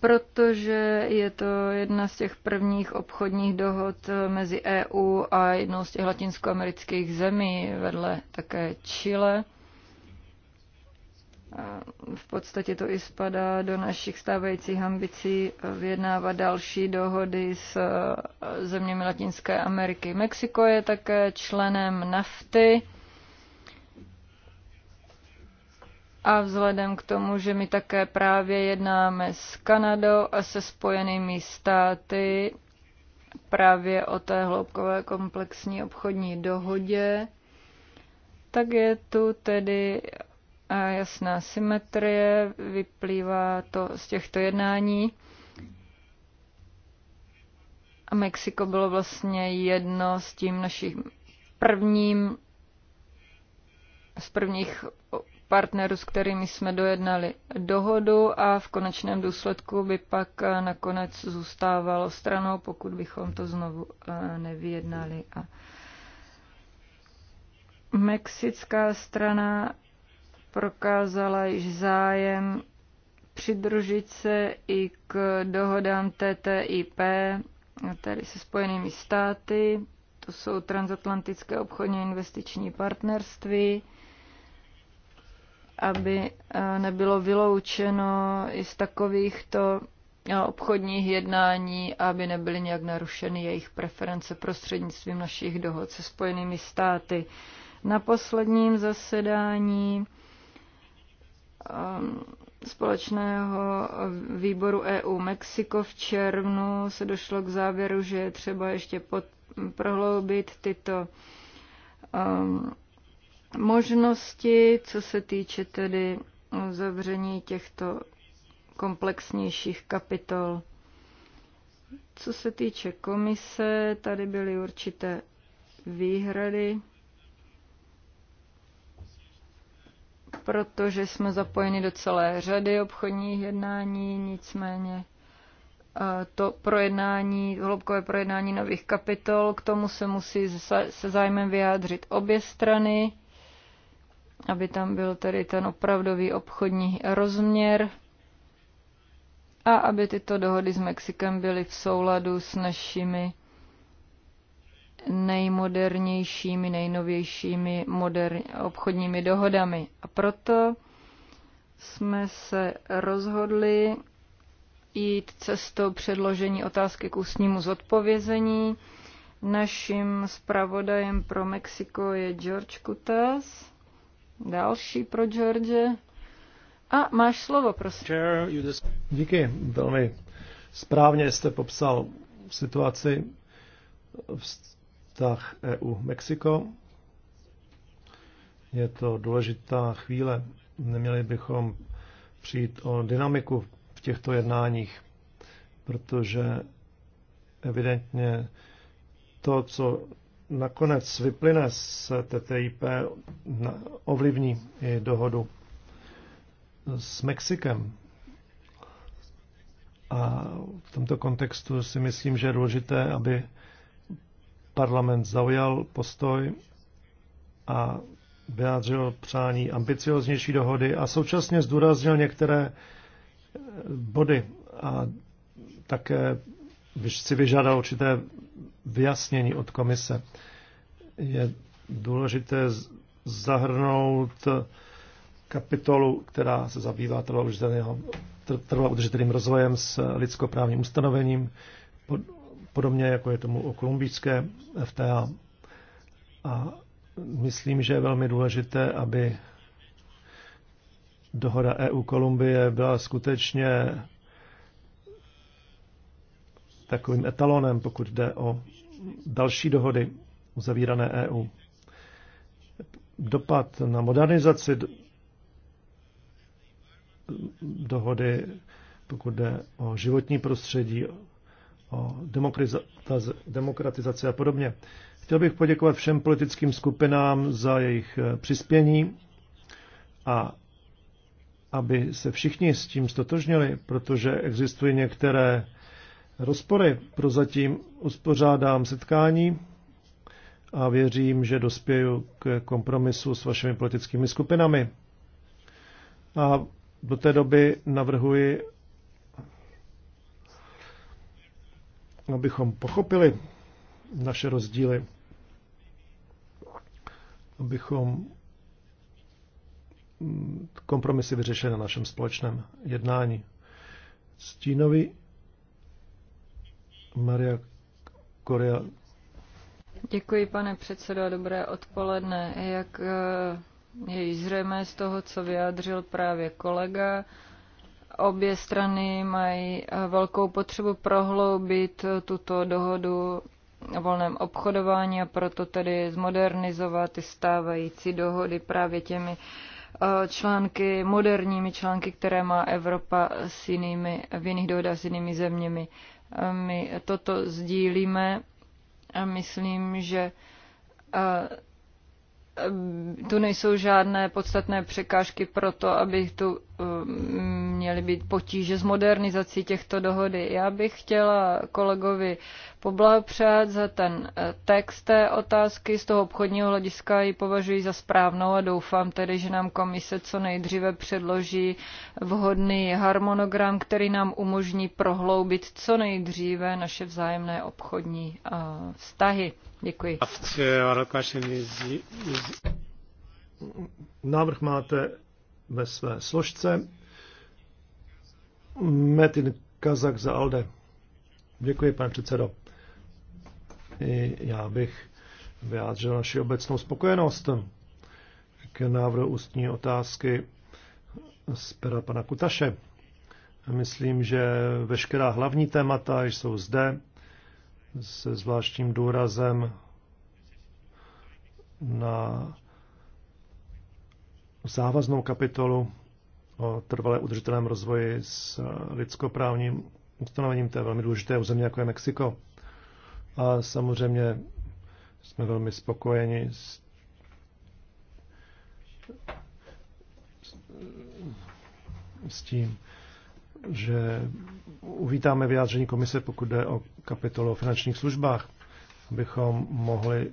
protože je to jedna z těch prvních obchodních dohod mezi EU a jednou z těch latinskoamerických zemí, vedle také Chile v podstatě to i spadá do našich stávajících ambicí vyjednávat další dohody s e, zeměmi Latinské Ameriky. Mexiko je také členem NAFTY a vzhledem k tomu, že my také právě jednáme s Kanadou a se Spojenými státy právě o té hloubkové komplexní obchodní dohodě, tak je tu tedy jasná symetrie, vyplývá to z těchto jednání. A Mexiko bylo vlastně jedno s tím naším prvním, z prvních partnerů, s kterými jsme dojednali dohodu a v konečném důsledku by pak eh, nakonec zůstávalo stranou, pokud bychom to znovu eh, nevyjednali. A mexická strana prokázala již zájem přidružit se i k dohodám TTIP, tedy se Spojenými státy, to jsou transatlantické obchodně investiční partnerství, aby eh, nebylo vyloučeno i z takovýchto eh, obchodních jednání, aby nebyly nějak narušeny jejich preference prostřednictvím našich dohod se Spojenými státy. Na posledním zasedání Um, společného výboru EU Mexiko v červnu se došlo k závěru, že je třeba ještě pod, prohloubit tyto um, možnosti, co se týče tedy zavření těchto komplexnějších kapitol. Co se týče komise, tady byly určité výhrady. protože jsme zapojeni do celé řady obchodních jednání, nicméně eh, to projednání, hloubkové projednání nových kapitol, k tomu se musí se zájmem vyjádřit obě strany, aby tam byl tedy ten opravdový obchodní rozměr a aby tyto dohody s Mexikem byly v souladu s našimi nejmodernějšími, nejnovějšími moderní, obchodními dohodami. A proto jsme se rozhodli jít cestou předložení otázky k ústnímu zodpovězení. Naším zpravodajem pro Mexiko je George Kutas, další pro George. A máš slovo, prosím. Díky, velmi správně jste popsal situaci vztah EU-Mexiko. Je to důležitá chvíle. Neměli bychom přijít o dynamiku v těchto jednáních, protože evidentně to, co nakonec vyplyne z TTIP, ovlivní i dohodu s Mexikem. A v tomto kontextu si myslím, že je důležité, aby Parlament zaujal postoj a vyjádřil přání ambicioznější dohody a současně zdůraznil některé body a také si vyžádal určité vyjasnění od komise. Je důležité zahrnout kapitolu, která se zabývá trvalo udržitelným rozvojem s lidskoprávním ustanovením podobně jako je tomu o kolumbijské FTA. A myslím, že je velmi důležité, aby dohoda EU Kolumbie byla skutečně takovým etalonem, pokud jde o další dohody uzavírané EU. Dopad na modernizaci dohody, pokud jde o životní prostředí, o demokratizaci a podobně. Chtěl bych poděkovat všem politickým skupinám za jejich eh, přispění a aby se všichni s tím stotožnili, protože existují některé rozpory. Prozatím uspořádám setkání a věřím, že dospěju k kompromisu s vašimi politickými skupinami. A do té doby navrhuji, abychom pochopili naše rozdíly, abychom mm, kompromisy vyřešili na našem společném jednání. Stínovi Maria Korea. Děkuji, pane předsedo, dobré odpoledne. Jak eh, je zřejmé z toho, co vyjádřil právě kolega, Obě strany mají eh, velkou potřebu prohloubit eh, tuto dohodu o volném obchodování a proto tedy zmodernizovat ty stávající dohody právě těmi eh, články, moderními články, které má Evropa s jinými, v jiných dohodách s jinými zeměmi. My toto sdílíme a myslím, že tu nejsou žádné podstatné překážky pro to, aby tu Um, měly být potíže s modernizací těchto dohody. Já bych chtěla kolegovi poblahopřát za ten eh, text té otázky. Z toho obchodního hlediska ji považuji za správnou a doufám tedy, že nám komise co nejdříve předloží vhodný harmonogram, který nám umožní prohloubit co nejdříve naše vzájemné obchodní eh, vztahy. Děkuji. Návrh máte ve své složce. Metin Kazak za Alde. Děkuji, pane předsedo. I já bych vyjádřil naši obecnou spokojenost k návrhu ústní otázky z pera pana Kutaše. Myslím, že veškerá hlavní témata jsou zde se zvláštním důrazem na závaznou kapitolu o trvalé udržitelném rozvoji s lidskoprávním ustanovením, to je velmi důležité u země jako je Mexiko. A samozřejmě jsme velmi spokojeni s s tím, že uvítáme vyjádření komise, pokud jde o kapitolu o finančních službách bychom mohli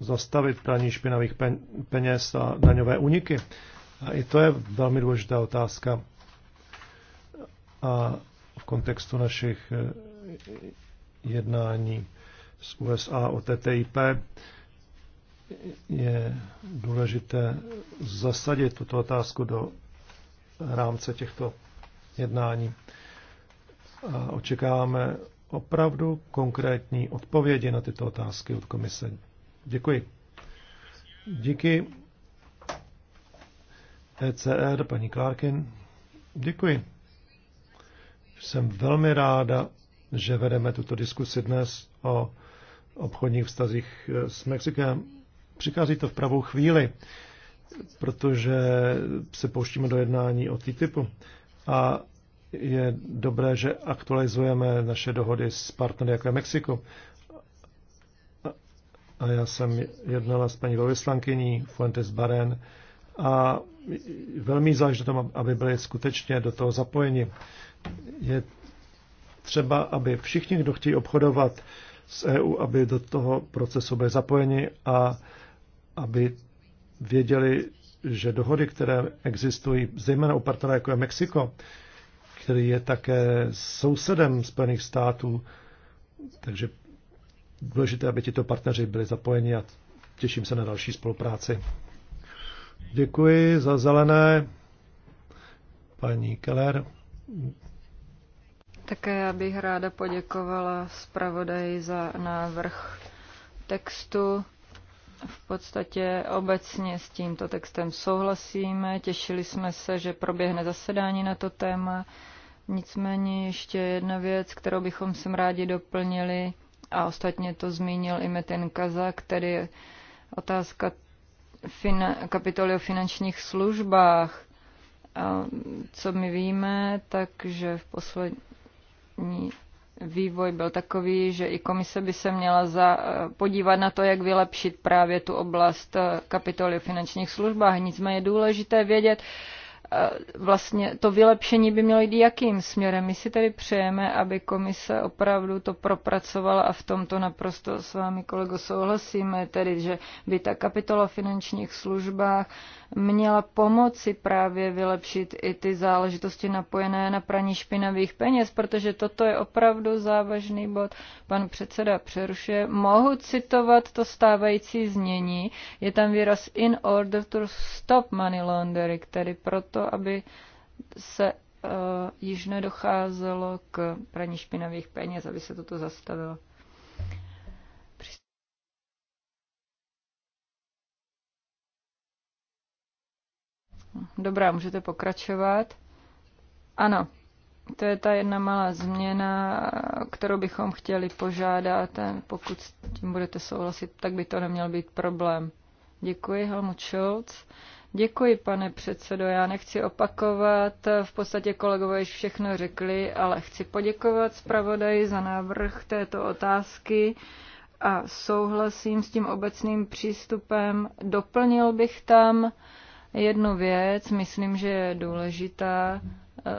zastavit praní špinavých peněz a daňové úniky. A i to je velmi důležitá otázka. A v kontextu našich eh, jednání s USA o TTIP je důležité zasadit tuto otázku do rámce těchto jednání. A očekáváme opravdu konkrétní odpovědi na tyto otázky od komise. Děkuji. Díky. ECR, paní Clarkin. Děkuji. Jsem velmi ráda, že vedeme tuto diskusi dnes o obchodních vztazích eh, s Mexikem. Přichází to v pravou chvíli, protože se pouštíme do jednání o TTIPu. A je dobré, že aktualizujeme naše dohody s partnery jako je Mexiko. A já jsem jednala s paní velvyslankyní Fuentes Baren a velmi záleží tom, aby byli skutečně do toho zapojeni. Je třeba, aby všichni, kdo chtějí obchodovat s EU, aby do toho procesu byli zapojeni a aby věděli, že dohody, které existují, zejména u partnera jako je Mexiko, který je také sousedem Spojených států. Takže důležité, aby tito partneři byli zapojeni a těším se na další spolupráci. Děkuji za zelené. Paní Keller. Také já bych ráda poděkovala zpravodaji za návrh textu. V podstatě obecně s tímto textem souhlasíme. Těšili jsme se, že proběhne zasedání na to téma. Nicméně ještě jedna věc, kterou bychom sem rádi doplnili, a ostatně to zmínil i Metin Kazak, tedy otázka fina- kapitoly o finančních službách. A co my víme, takže v poslední vývoj byl takový, že i komise by se měla za, eh, podívat na to, jak vylepšit právě tu oblast eh, kapitoly o finančních službách. Nicméně je důležité vědět, eh, vlastně to vylepšení by mělo jít jakým směrem. My si tedy přejeme, aby komise opravdu to propracovala a v tomto naprosto s vámi kolego souhlasíme, tedy že by ta kapitola o finančních službách měla pomoci právě vylepšit i ty záležitosti napojené na praní špinavých peněz, protože toto je opravdu závažný bod. Pan předseda přerušuje. Mohu citovat to stávající znění. Je tam výraz in order to stop money laundering, tedy proto, aby se uh, již nedocházelo k praní špinavých peněz, aby se toto zastavilo. Dobrá, můžete pokračovat. Ano, to je ta jedna malá změna, kterou bychom chtěli požádat. Pokud s tím budete souhlasit, tak by to neměl být problém. Děkuji, Helmut Scholz. Děkuji, pane předsedo. Já nechci opakovat, v podstatě kolegové již všechno řekli, ale chci poděkovat zpravodaji za návrh této otázky a souhlasím s tím obecným přístupem. Doplnil bych tam, Jednu věc, myslím, že je důležitá eh,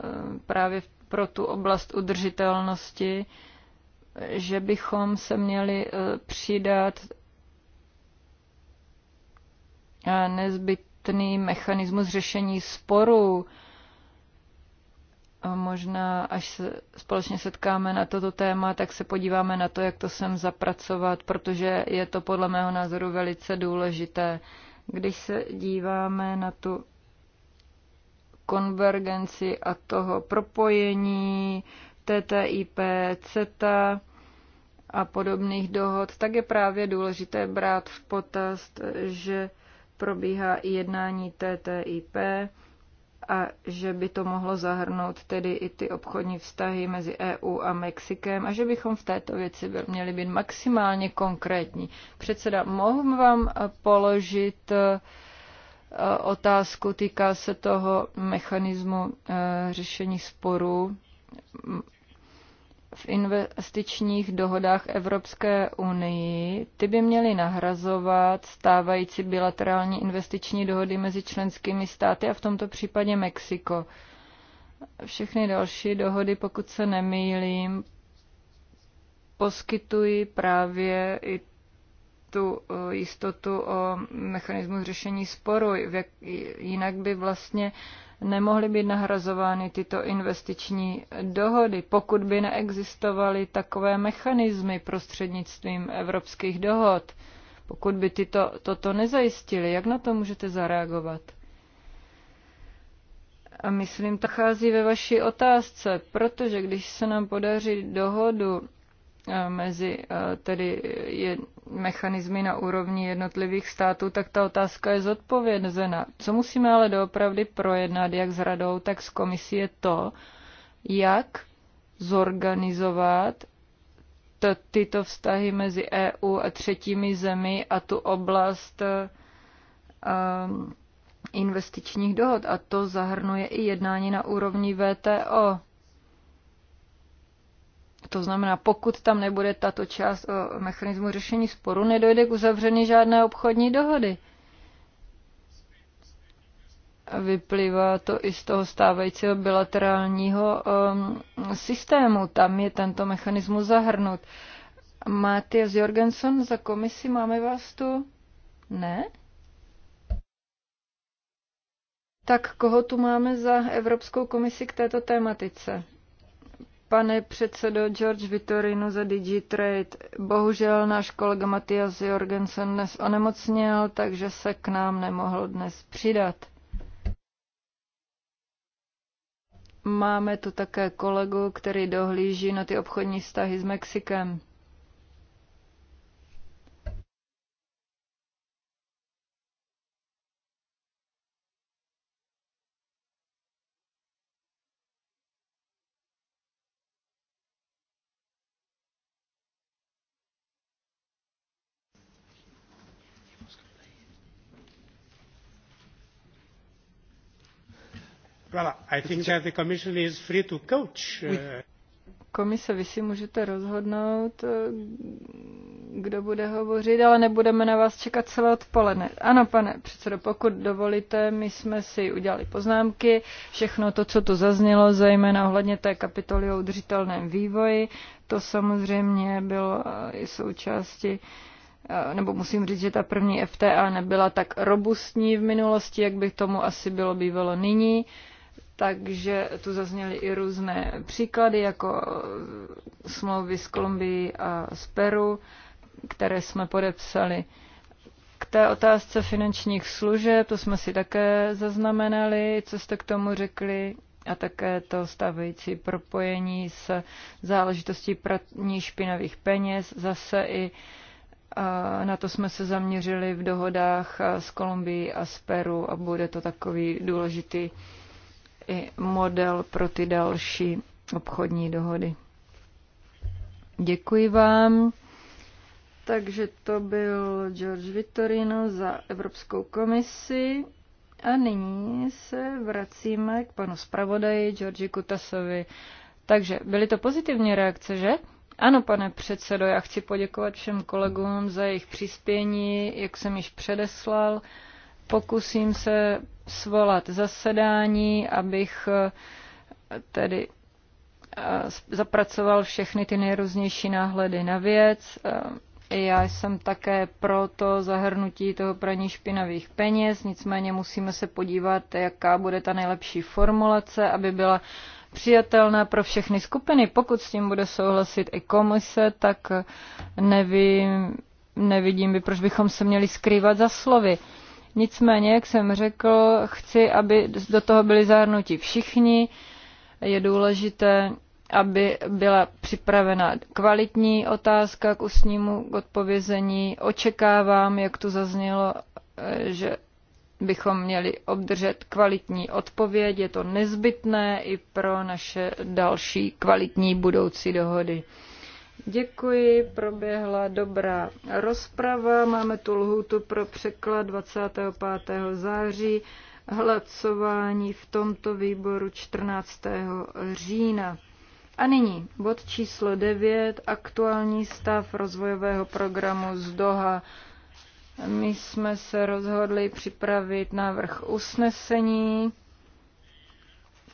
právě pro tu oblast udržitelnosti, že bychom se měli eh, přidat eh, nezbytný mechanismus řešení sporů. Možná, až se společně setkáme na toto téma, tak se podíváme na to, jak to sem zapracovat, protože je to podle mého názoru velice důležité. Když se díváme na tu konvergenci a toho propojení TTIP, CETA a podobných dohod, tak je právě důležité brát v potaz, že probíhá i jednání TTIP a že by to mohlo zahrnout tedy i ty obchodní vztahy mezi EU a Mexikem a že bychom v této věci měli být maximálně konkrétní. Předseda, mohu vám položit eh, otázku, týká se toho mechanismu eh, řešení sporů v investičních dohodách Evropské unii, ty by měly nahrazovat stávající bilaterální investiční dohody mezi členskými státy a v tomto případě Mexiko. Všechny další dohody, pokud se nemýlím, poskytují právě i tu eh, jistotu o mechanismu řešení sporu. Jinak by vlastně nemohly být nahrazovány tyto investiční dohody, pokud by neexistovaly takové mechanismy prostřednictvím evropských dohod. Pokud by tyto, toto nezajistili, jak na to můžete zareagovat? A myslím, to chází ve vaší otázce, protože když se nám podaří dohodu Eh, mezi eh, tedy je, mechanizmy na úrovni jednotlivých států, tak ta otázka je zodpovězena. Co musíme ale doopravdy projednat, jak s radou, tak s komisí, je to, jak zorganizovat tyto vztahy mezi EU a třetími zemi a tu oblast um, investičních dohod. A to zahrnuje i jednání na úrovni VTO. To znamená, pokud tam nebude tato část o eh, mechanismu řešení sporu, nedojde k uzavření žádné obchodní dohody. Vyplývá to i z toho stávajícího bilaterálního um, systému. Tam je tento mechanismus zahrnut. Matias Jorgenson za komisi, máme vás tu? Ne? Tak koho tu máme za Evropskou komisi k této tématice? Pane předsedo George Vitorino za DigiTrade, bohužel náš kolega Matias Jorgensen dnes onemocněl, takže se k nám nemohl dnes přidat. Máme tu také kolegu, který dohlíží na ty obchodní vztahy s Mexikem. Komise, vy si můžete rozhodnout, uh, kdo bude hovořit, ale nebudeme na vás čekat celé odpoledne. Ano, pane předsedo, pokud dovolíte, my jsme si udělali poznámky, všechno to, co to zaznělo, zejména ohledně té kapitoly o udržitelném vývoji, to samozřejmě bylo uh, i součástí uh, nebo musím říct, že ta první FTA nebyla tak robustní v minulosti, jak by tomu asi bylo bývalo nyní takže tu zazněly i různé příklady, jako smlouvy z Kolumbii a z Peru, které jsme podepsali. K té otázce finančních služeb, to jsme si také zaznamenali, co jste k tomu řekli, a také to stavující propojení s záležitostí praní špinavých peněz. Zase i na to jsme se zaměřili v dohodách s Kolumbií a s Peru a bude to takový důležitý i model pro ty další obchodní dohody. Děkuji vám. Takže to byl George Vitorino za Evropskou komisi. A nyní se vracíme k panu zpravodaji Georgi Kutasovi. Takže byly to pozitivní reakce, že? Ano, pane předsedo, já chci poděkovat všem kolegům za jejich přispění, jak jsem již předeslal. Pokusím se svolat zasedání, abych eh, tedy eh, zapracoval všechny ty nejrůznější náhledy na věc. Eh, já jsem také pro to zahrnutí toho praní špinavých peněz, nicméně musíme se podívat, jaká bude ta nejlepší formulace, aby byla přijatelná pro všechny skupiny. Pokud s tím bude souhlasit i komise, tak nevím, nevidím, proč bychom se měli skrývat za slovy. Nicméně, jak jsem řekl, chci, aby do toho byli zahrnuti všichni. Je důležité, aby byla připravena kvalitní otázka k ústnímu odpovězení. Očekávám, jak tu zaznělo, eh, že bychom měli obdržet kvalitní odpověď. Je to nezbytné i pro naše další kvalitní budoucí dohody. Děkuji, proběhla dobrá rozprava. Máme tu lhůtu pro překlad 25. září, hlasování v tomto výboru 14. října. A nyní bod číslo 9, aktuální stav rozvojového programu z Doha. My jsme se rozhodli připravit návrh usnesení.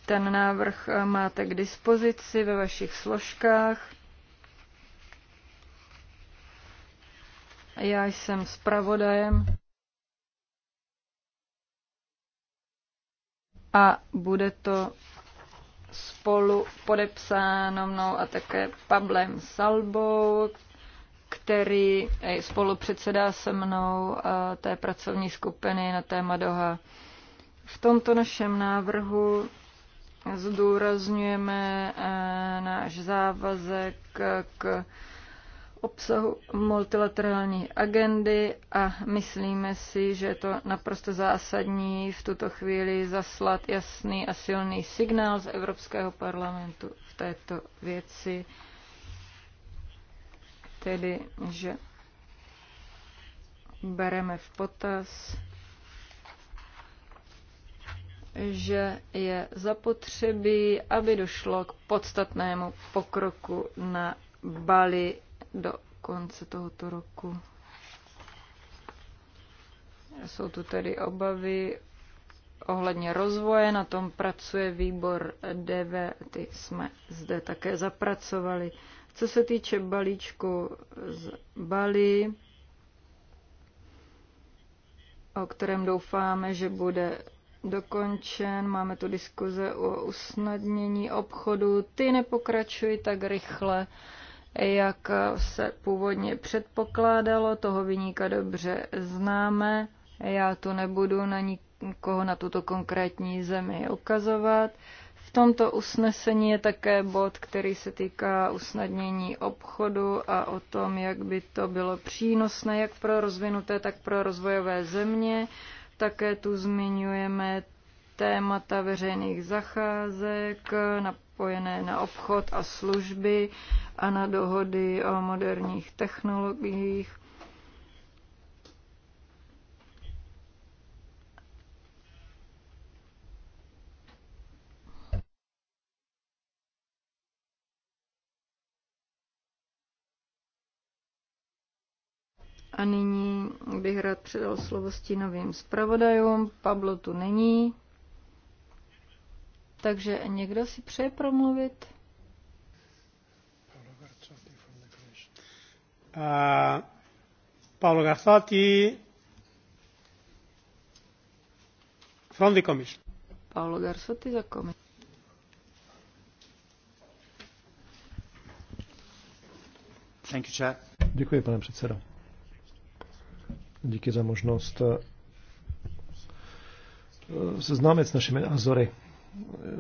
Ten návrh máte k dispozici ve vašich složkách. Já jsem zpravodajem a bude to spolu podepsáno mnou a také Pablem Salbou, který spolu předsedá se mnou té pracovní skupiny na téma Doha. V tomto našem návrhu zdůrazňujeme eh, náš závazek k obsahu multilaterální agendy a myslíme si, že je to naprosto zásadní v tuto chvíli zaslat jasný a silný signál z Evropského parlamentu v této věci, tedy že bereme v potaz, že je zapotřebí, aby došlo k podstatnému pokroku na Bali do konce tohoto roku. Jsou tu tedy obavy ohledně rozvoje, na tom pracuje výbor DV, ty jsme zde také zapracovali. Co se týče balíčku z Bali, o kterém doufáme, že bude dokončen. Máme tu diskuze o usnadnění obchodu. Ty nepokračují tak rychle, jak se původně předpokládalo, toho vyníka dobře známe. Já to nebudu na nikoho na tuto konkrétní zemi ukazovat. V tomto usnesení je také bod, který se týká usnadnění obchodu a o tom, jak by to bylo přínosné jak pro rozvinuté, tak pro rozvojové země. Také tu zmiňujeme témata veřejných zacházek, napojené na obchod a služby a na dohody o moderních technologiích. A nyní bych rád předal slovo stínovým zpravodajům. Pablo tu není. Takže někdo si přeje promluvit? Uh, Paolo Garzotti from the Commission. Paolo Garzotti za Commission. Thank you, Chair. Děkuji, pane předsedo. Díky za možnost eh, seznámit s našimi názory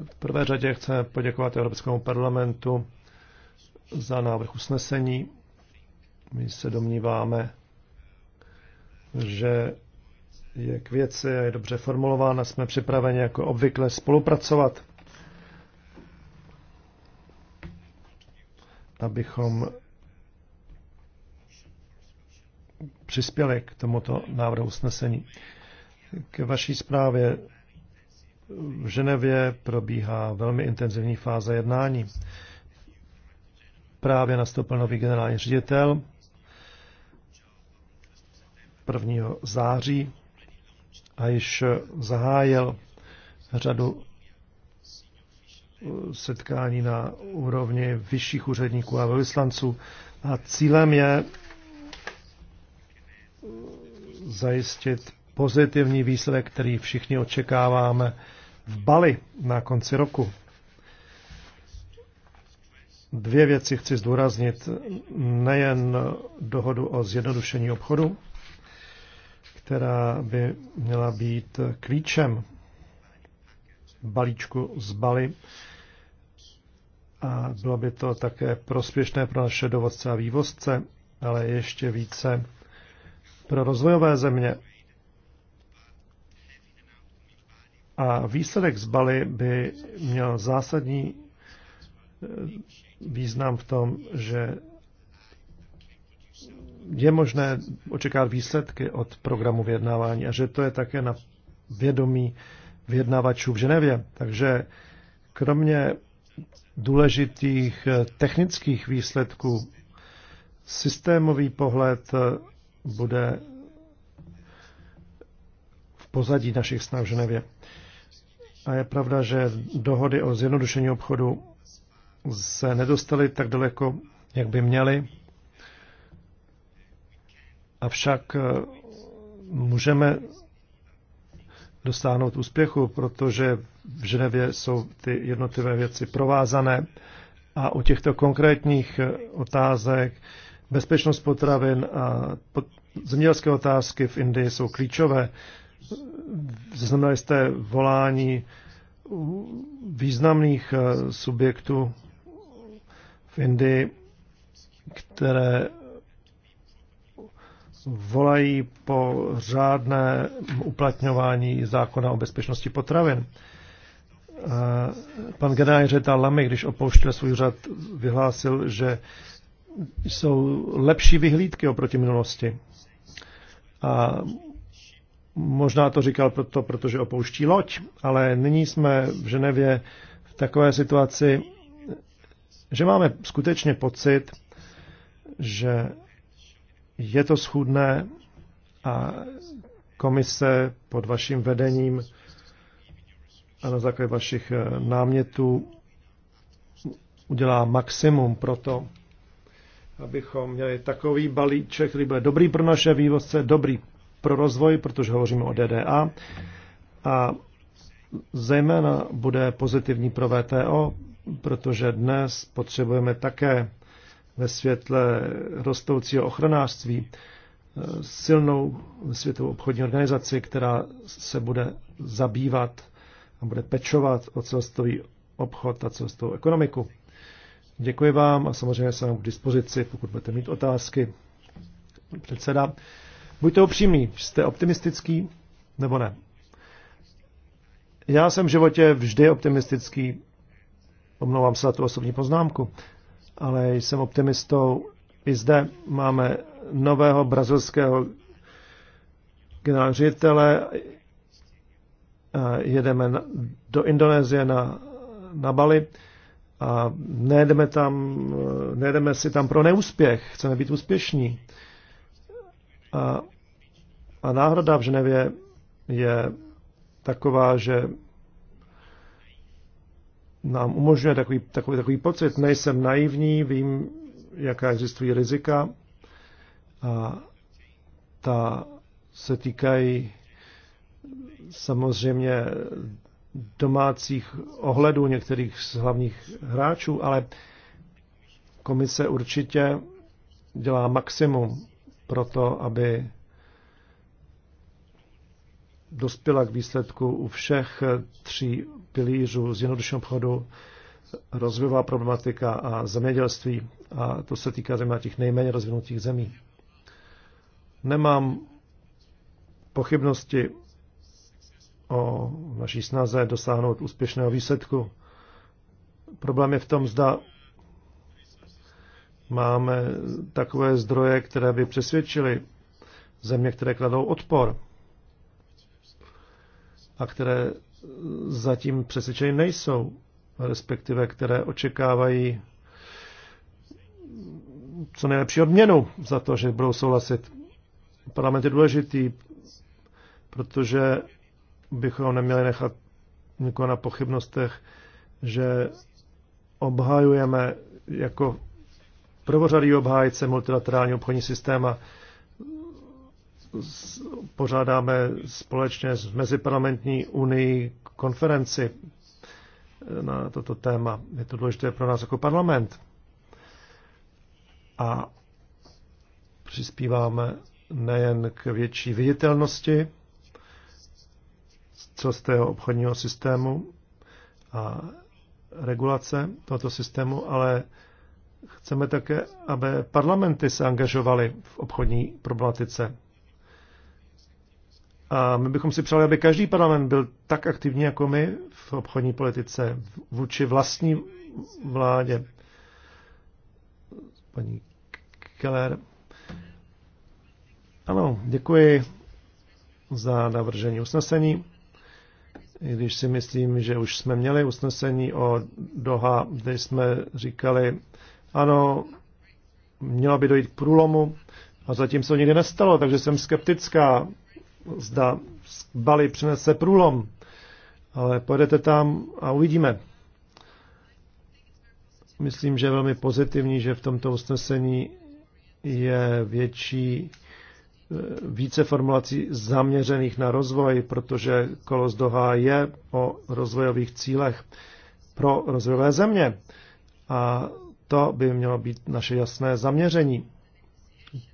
v prvé řadě chce poděkovat Evropskému parlamentu za návrh usnesení. My se domníváme, že je k věci a je dobře formulována. Jsme připraveni jako obvykle spolupracovat, abychom přispěli k tomuto návrhu usnesení. K vaší zprávě v Ženevě probíhá velmi intenzivní fáze jednání. Právě nastoupil nový generální ředitel 1. září a již zahájil řadu uh, setkání na úrovni vyšších úředníků a vyslanců. A cílem je uh, zajistit pozitivní výsledek, který všichni očekáváme v Bali na konci roku. Dvě věci chci zdůraznit. Nejen dohodu o zjednodušení obchodu, která by měla být klíčem balíčku z Bali. A bylo by to také prospěšné pro naše dovozce a vývozce, ale ještě více pro rozvojové země, A výsledek z Bali by měl zásadní eh, význam v tom, že je možné očekávat výsledky od programu vyjednávání a že to je také na vědomí vyjednavačů v Ženevě. Takže kromě důležitých eh, technických výsledků systémový pohled eh, bude v pozadí našich snah v Ženevě. A je pravda, že dohody o zjednodušení obchodu se nedostaly tak daleko, jak by měly. Avšak eh, můžeme dosáhnout úspěchu, protože v Ženevě jsou ty jednotlivé věci provázané a u těchto konkrétních eh, otázek bezpečnost potravin a zemědělské otázky v Indii jsou klíčové. Zaznamenali jste volání významných eh, subjektů v Indii, které volají po řádné uplatňování zákona o bezpečnosti potravin. Eh, pan generální ředitel Lamy, když opouštěl svůj řad, vyhlásil, že jsou lepší vyhlídky oproti minulosti. A Možná to říkal proto, protože opouští loď, ale nyní jsme v Ženevě v takové situaci, že máme skutečně pocit, že je to schůdné a komise pod vaším vedením a na základě vašich eh, námětů udělá maximum pro to, abychom měli takový balíček, který bude dobrý pro naše vývozce, dobrý pro rozvoj, protože hovoříme o DDA. A zejména bude pozitivní pro VTO, protože dnes potřebujeme také ve světle rostoucího ochranářství eh, silnou světovou obchodní organizaci, která se bude zabývat a bude pečovat o celostový obchod a celostovou ekonomiku. Děkuji vám a samozřejmě jsem k dispozici, pokud budete mít otázky. Předseda. Buďte upřímní, jste optimistický nebo ne? Já jsem v životě vždy optimistický, omlouvám se za tu osobní poznámku, ale jsem optimistou. I zde máme nového brazilského generálního ředitele, jedeme do Indonésie na, na Bali a nejedeme, tam, nejedeme si tam pro neúspěch, chceme být úspěšní. A, a náhrada v Ženevě je taková, že nám umožňuje takový, takový, takový pocit. Nejsem naivní, vím, jaká existují rizika a ta se týkají samozřejmě domácích ohledů některých z hlavních hráčů, ale komise určitě dělá maximum proto, aby dospěla k výsledku u všech tří pilířů z zjednodušeného obchodu, rozvojová problematika a zemědělství. A to se týká zejména těch nejméně rozvinutých zemí. Nemám pochybnosti o naší snaze dosáhnout úspěšného výsledku. Problém je v tom, zda máme takové zdroje, které by přesvědčily země, které kladou odpor a které zatím přesvědčeny nejsou, respektive které očekávají co nejlepší odměnu za to, že budou souhlasit. Parlament je důležitý, protože bychom neměli nechat nikoho na pochybnostech, že obhajujeme jako prvořadý obhájce multilaterální obchodní systém a pořádáme společně s Meziparlamentní unii konferenci na toto téma. Je to důležité pro nás jako parlament. A přispíváme nejen k větší viditelnosti tého obchodního systému a regulace tohoto systému, ale Chceme také, aby parlamenty se angažovaly v obchodní problematice. A my bychom si přáli, aby každý parlament byl tak aktivní jako my v obchodní politice vůči vlastní vládě. Paní Keller. Ano, děkuji za navržení usnesení. I když si myslím, že už jsme měli usnesení o Doha, kde jsme říkali, ano, měla by dojít k průlomu a zatím se to nikdy nestalo, takže jsem skeptická, zda Bali přinese průlom, ale pojedete tam a uvidíme. Myslím, že je velmi pozitivní, že v tomto usnesení je větší eh, více formulací zaměřených na rozvoj, protože kolos Doha je o rozvojových cílech pro rozvojové země. A to by mělo být naše jasné zaměření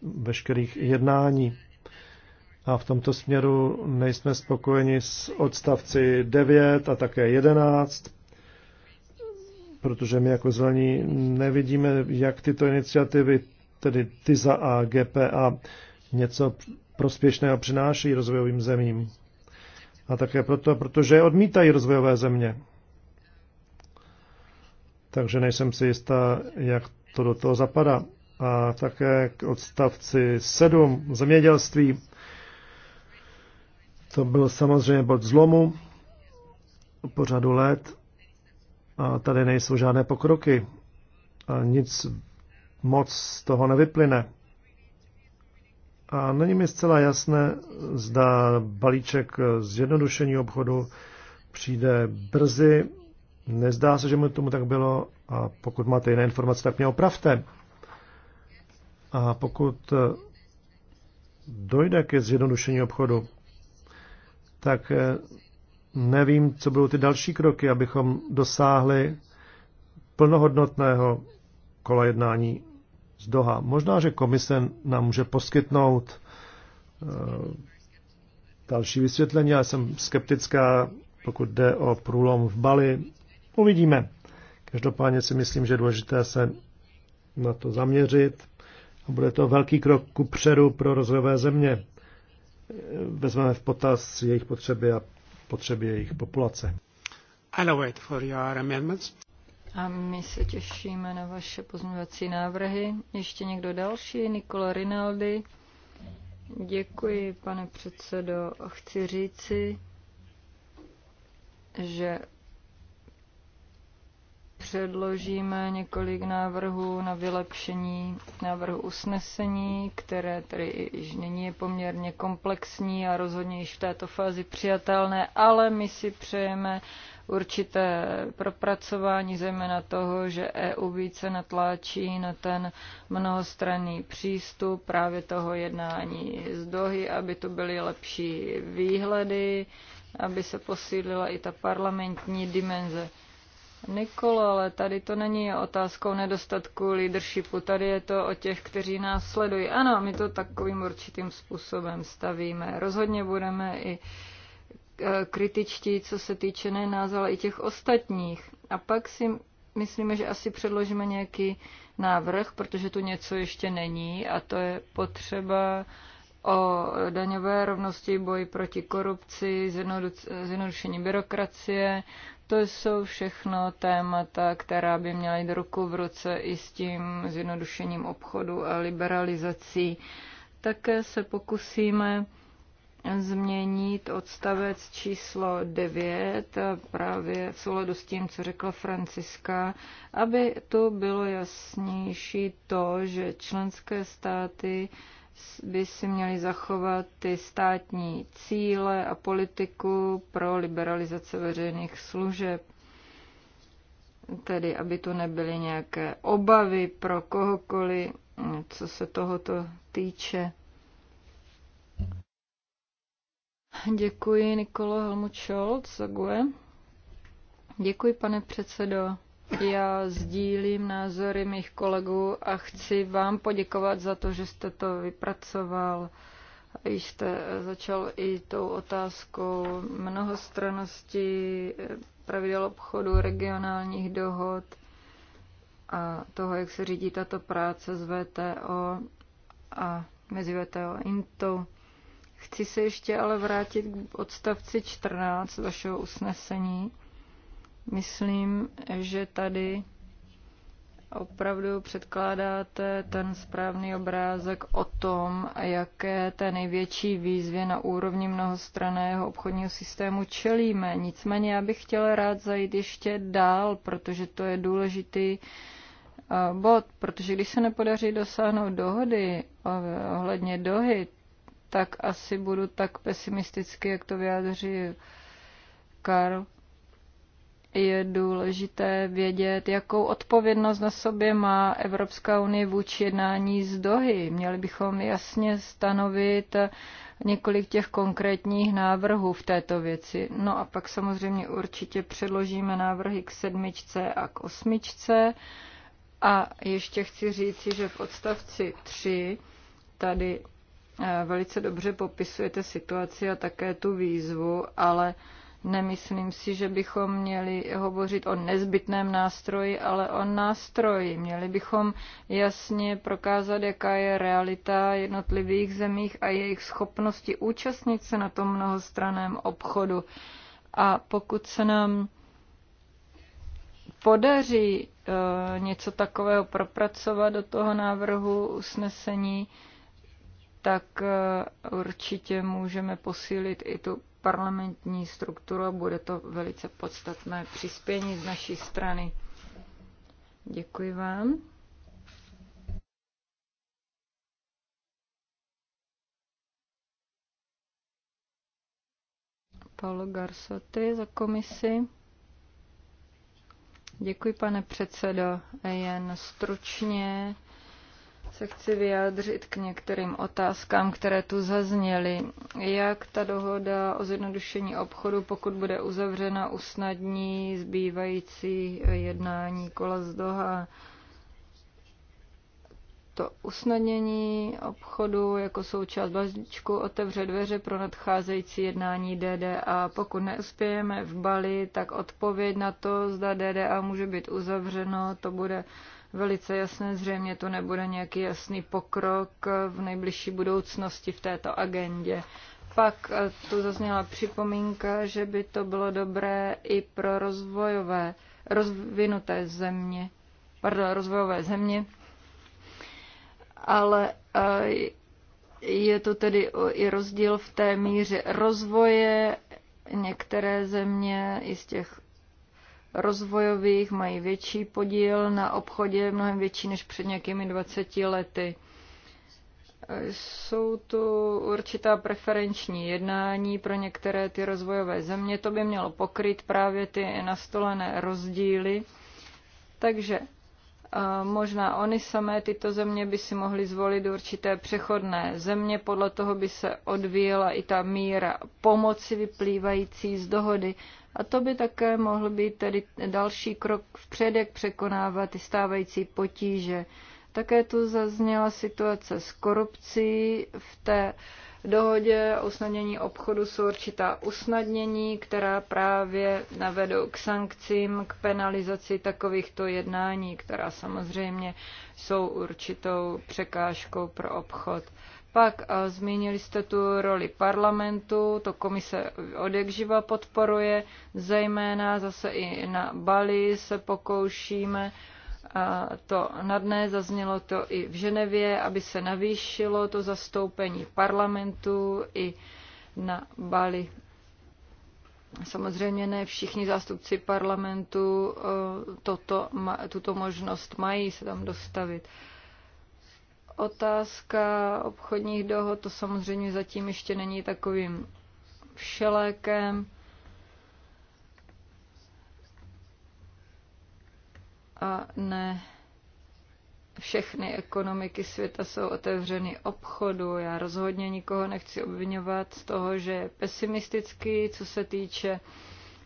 veškerých jednání. A v tomto směru nejsme spokojeni s odstavci 9 a také 11, protože my jako zelení nevidíme, jak tyto iniciativy, tedy TISA a GPA, něco prospěšného přináší rozvojovým zemím. A také proto, protože odmítají rozvojové země takže nejsem si jistá, jak to do toho zapadá. A také k odstavci 7 zemědělství. To byl samozřejmě bod zlomu po řadu let a tady nejsou žádné pokroky a nic moc z toho nevyplyne. A není mi zcela jasné, zda balíček zjednodušení obchodu přijde brzy Nezdá se, že mu tomu tak bylo a pokud máte jiné informace, tak mě opravte. A pokud eh, dojde ke zjednodušení obchodu, tak eh, nevím, co budou ty další kroky, abychom dosáhli plnohodnotného kola jednání z Doha. Možná, že komise nám může poskytnout eh, další vysvětlení. ale jsem skeptická, pokud jde o průlom v Bali Uvidíme. Každopádně si myslím, že je důležité se na to zaměřit a bude to velký krok ku předu pro rozvojové země. Vezmeme v potaz jejich potřeby a potřeby jejich populace. wait for your amendments. A my se těšíme na vaše pozměňovací návrhy. Ještě někdo další? Nikola Rinaldi. Děkuji, pane předsedo. Chci říci, že předložíme několik návrhů na vylepšení návrhu usnesení, které tedy již nyní je poměrně komplexní a rozhodně již v této fázi přijatelné, ale my si přejeme určité propracování, zejména toho, že EU více natláčí na ten mnohostranný přístup právě toho jednání z Dohy, aby tu byly lepší výhledy, aby se posílila i ta parlamentní dimenze. Nikolo, ale tady to není otázkou nedostatku leadershipu, tady je to o těch, kteří nás sledují. Ano, my to takovým určitým způsobem stavíme. Rozhodně budeme i e, kritičtí, co se týče ne nás, ale i těch ostatních. A pak si myslíme, že asi předložíme nějaký návrh, protože tu něco ještě není a to je potřeba o daňové rovnosti, boji proti korupci, zjednodušení byrokracie, to jsou všechno témata, která by měla jít ruku v ruce i s tím zjednodušením obchodu a liberalizací. Také se pokusíme změnit odstavec číslo 9 právě v souladu s tím, co řekla Franciska, aby tu bylo jasnější to, že členské státy by si měly zachovat ty státní cíle a politiku pro liberalizaci veřejných služeb. Tedy, aby tu nebyly nějaké obavy pro kohokoliv, co se tohoto týče. Děkuji Nikolo Helmut Scholz, Děkuji, pane předsedo. Já sdílím názory mých kolegů a chci vám poděkovat za to, že jste to vypracoval. Jste začal i tou otázkou mnohostranosti, eh, pravidel obchodu, regionálních dohod a toho, jak se řídí tato práce z VTO a mezi VTO a INTO. Chci se ještě ale vrátit k odstavci 14 vašeho usnesení Myslím, že tady opravdu předkládáte ten správný obrázek o tom, jaké té největší výzvě na úrovni mnohostraného obchodního systému čelíme. Nicméně já bych chtěla rád zajít ještě dál, protože to je důležitý eh, bod, protože když se nepodaří dosáhnout dohody eh, ohledně dohy, tak asi budu tak pesimisticky, jak to vyjádří Karl je důležité vědět, jakou odpovědnost na sobě má Evropská unie vůči jednání z Dohy. Měli bychom jasně stanovit několik těch konkrétních návrhů v této věci. No a pak samozřejmě určitě předložíme návrhy k sedmičce a k osmičce. A ještě chci říci, že v odstavci 3 tady eh, velice dobře popisujete situaci a také tu výzvu, ale Nemyslím si, že bychom měli hovořit o nezbytném nástroji, ale o nástroji. Měli bychom jasně prokázat, jaká je realita jednotlivých zemích a jejich schopnosti účastnit se na tom mnohostraném obchodu. A pokud se nám podaří eh, něco takového propracovat do toho návrhu usnesení, tak eh, určitě můžeme posílit i tu parlamentní strukturu a bude to velice podstatné přispění z naší strany. Děkuji vám. Paolo Garsoty za komisi. Děkuji, pane předsedo. Jen stručně se chci vyjádřit k některým otázkám, které tu zazněly. Jak ta dohoda o zjednodušení obchodu, pokud bude uzavřena, usnadní zbývající jednání kola z Doha? To usnadnění obchodu jako součást balíčku otevře dveře pro nadcházející jednání DDA. Pokud neuspějeme v Bali, tak odpověď na to, zda DDA může být uzavřeno, to bude velice jasné. Zřejmě to nebude nějaký jasný pokrok v nejbližší budoucnosti v této agendě. Pak eh, tu zazněla připomínka, že by to bylo dobré i pro rozvojové, rozvinuté země, pardon, rozvojové země, ale eh, je to tedy i rozdíl v té míře rozvoje. Některé země i z těch rozvojových mají větší podíl na obchodě, mnohem větší než před nějakými 20 lety. Jsou tu určitá preferenční jednání pro některé ty rozvojové země. To by mělo pokryt právě ty nastolené rozdíly. Takže možná oni samé, tyto země, by si mohly zvolit určité přechodné země. Podle toho by se odvíjela i ta míra pomoci vyplývající z dohody. A to by také mohl být tedy další krok vpřed, jak překonávat ty stávající potíže. Také tu zazněla situace s korupcí v té dohodě o usnadnění obchodu jsou určitá usnadnění, která právě navedou k sankcím, k penalizaci takovýchto jednání, která samozřejmě jsou určitou překážkou pro obchod. Pak zmínili jste tu roli parlamentu, to komise odjakživa podporuje, zejména zase i na Bali se pokoušíme to dne, zaznělo to i v Ženevě, aby se navýšilo to zastoupení parlamentu i na Bali. Samozřejmě ne všichni zástupci parlamentu e, toto, tuto možnost mají se tam dostavit. Otázka obchodních dohod, to samozřejmě zatím ještě není takovým všelékem. A ne všechny ekonomiky světa jsou otevřeny obchodu. Já rozhodně nikoho nechci obvinovat z toho, že je pesimistický, co se týče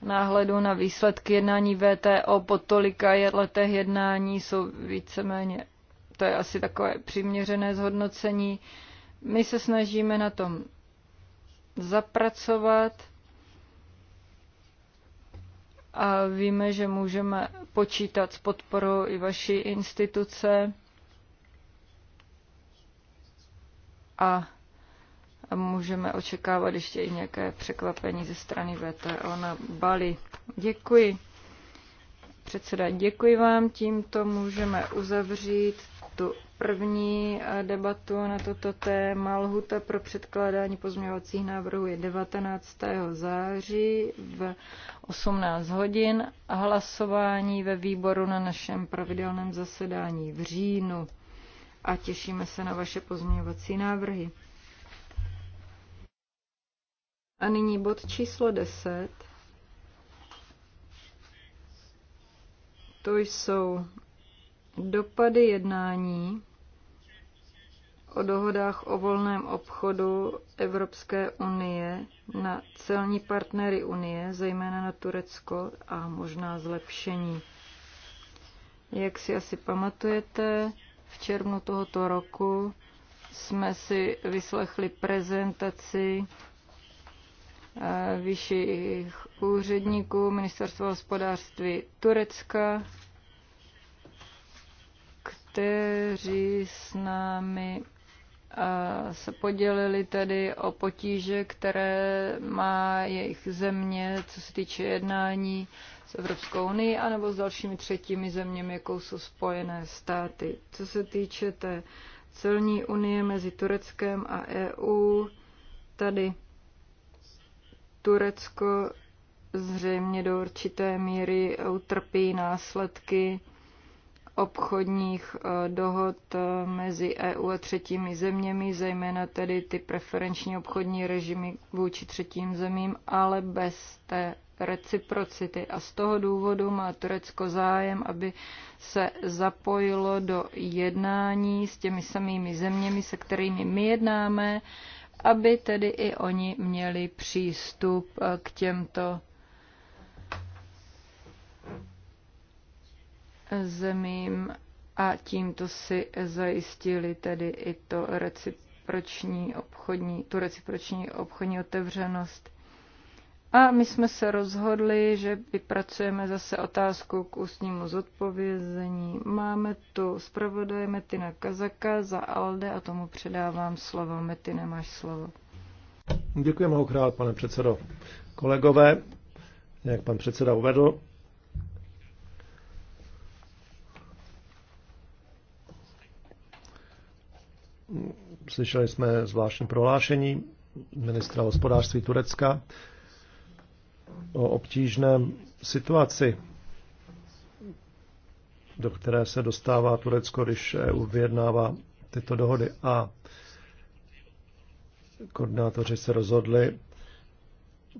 náhledu na výsledky jednání VTO po tolika letech jednání jsou víceméně to je asi takové přiměřené zhodnocení. My se snažíme na tom zapracovat a víme, že můžeme počítat s podporou i vaší instituce a můžeme očekávat ještě i nějaké překvapení ze strany VTO na Bali. Děkuji. Předseda, děkuji vám. Tímto můžeme uzavřít tu první eh, debatu na toto téma. Lhuta pro předkládání pozměňovacích návrhů je 19. září v 18 hodin a hlasování ve výboru na našem pravidelném zasedání v říjnu. A těšíme se na vaše pozměňovací návrhy. A nyní bod číslo 10. To jsou Dopady jednání o dohodách o volném obchodu Evropské unie na celní partnery unie, zejména na Turecko a možná zlepšení. Jak si asi pamatujete, v červnu tohoto roku jsme si vyslechli prezentaci eh, vyšších úředníků Ministerstva hospodářství Turecka kteří s námi se podělili tedy o potíže, které má jejich země, co se týče jednání s Evropskou unii anebo s dalšími třetími zeměmi, jakou jsou spojené státy. Co se týče té celní unie mezi Tureckem a EU, tady Turecko zřejmě do určité míry utrpí následky obchodních eh, dohod eh, mezi EU a třetími zeměmi, zejména tedy ty preferenční obchodní režimy vůči třetím zemím, ale bez té reciprocity. A z toho důvodu má Turecko zájem, aby se zapojilo do jednání s těmi samými zeměmi, se kterými my jednáme, aby tedy i oni měli přístup eh, k těmto zemím a tímto si zajistili tedy i to reciproční obchodní, tu reciproční obchodní otevřenost. A my jsme se rozhodli, že vypracujeme zase otázku k ústnímu zodpovězení. Máme tu zpravodaje Metina Kazaka za Alde a tomu předávám slovo. Metine, máš slovo. Děkuji mnohokrát, pane předsedo. Kolegové, jak pan předseda uvedl, Slyšeli jsme zvláštní prohlášení ministra hospodářství Turecka o obtížné situaci, do které se dostává Turecko, když EU vyjednává tyto dohody. A koordinátoři se rozhodli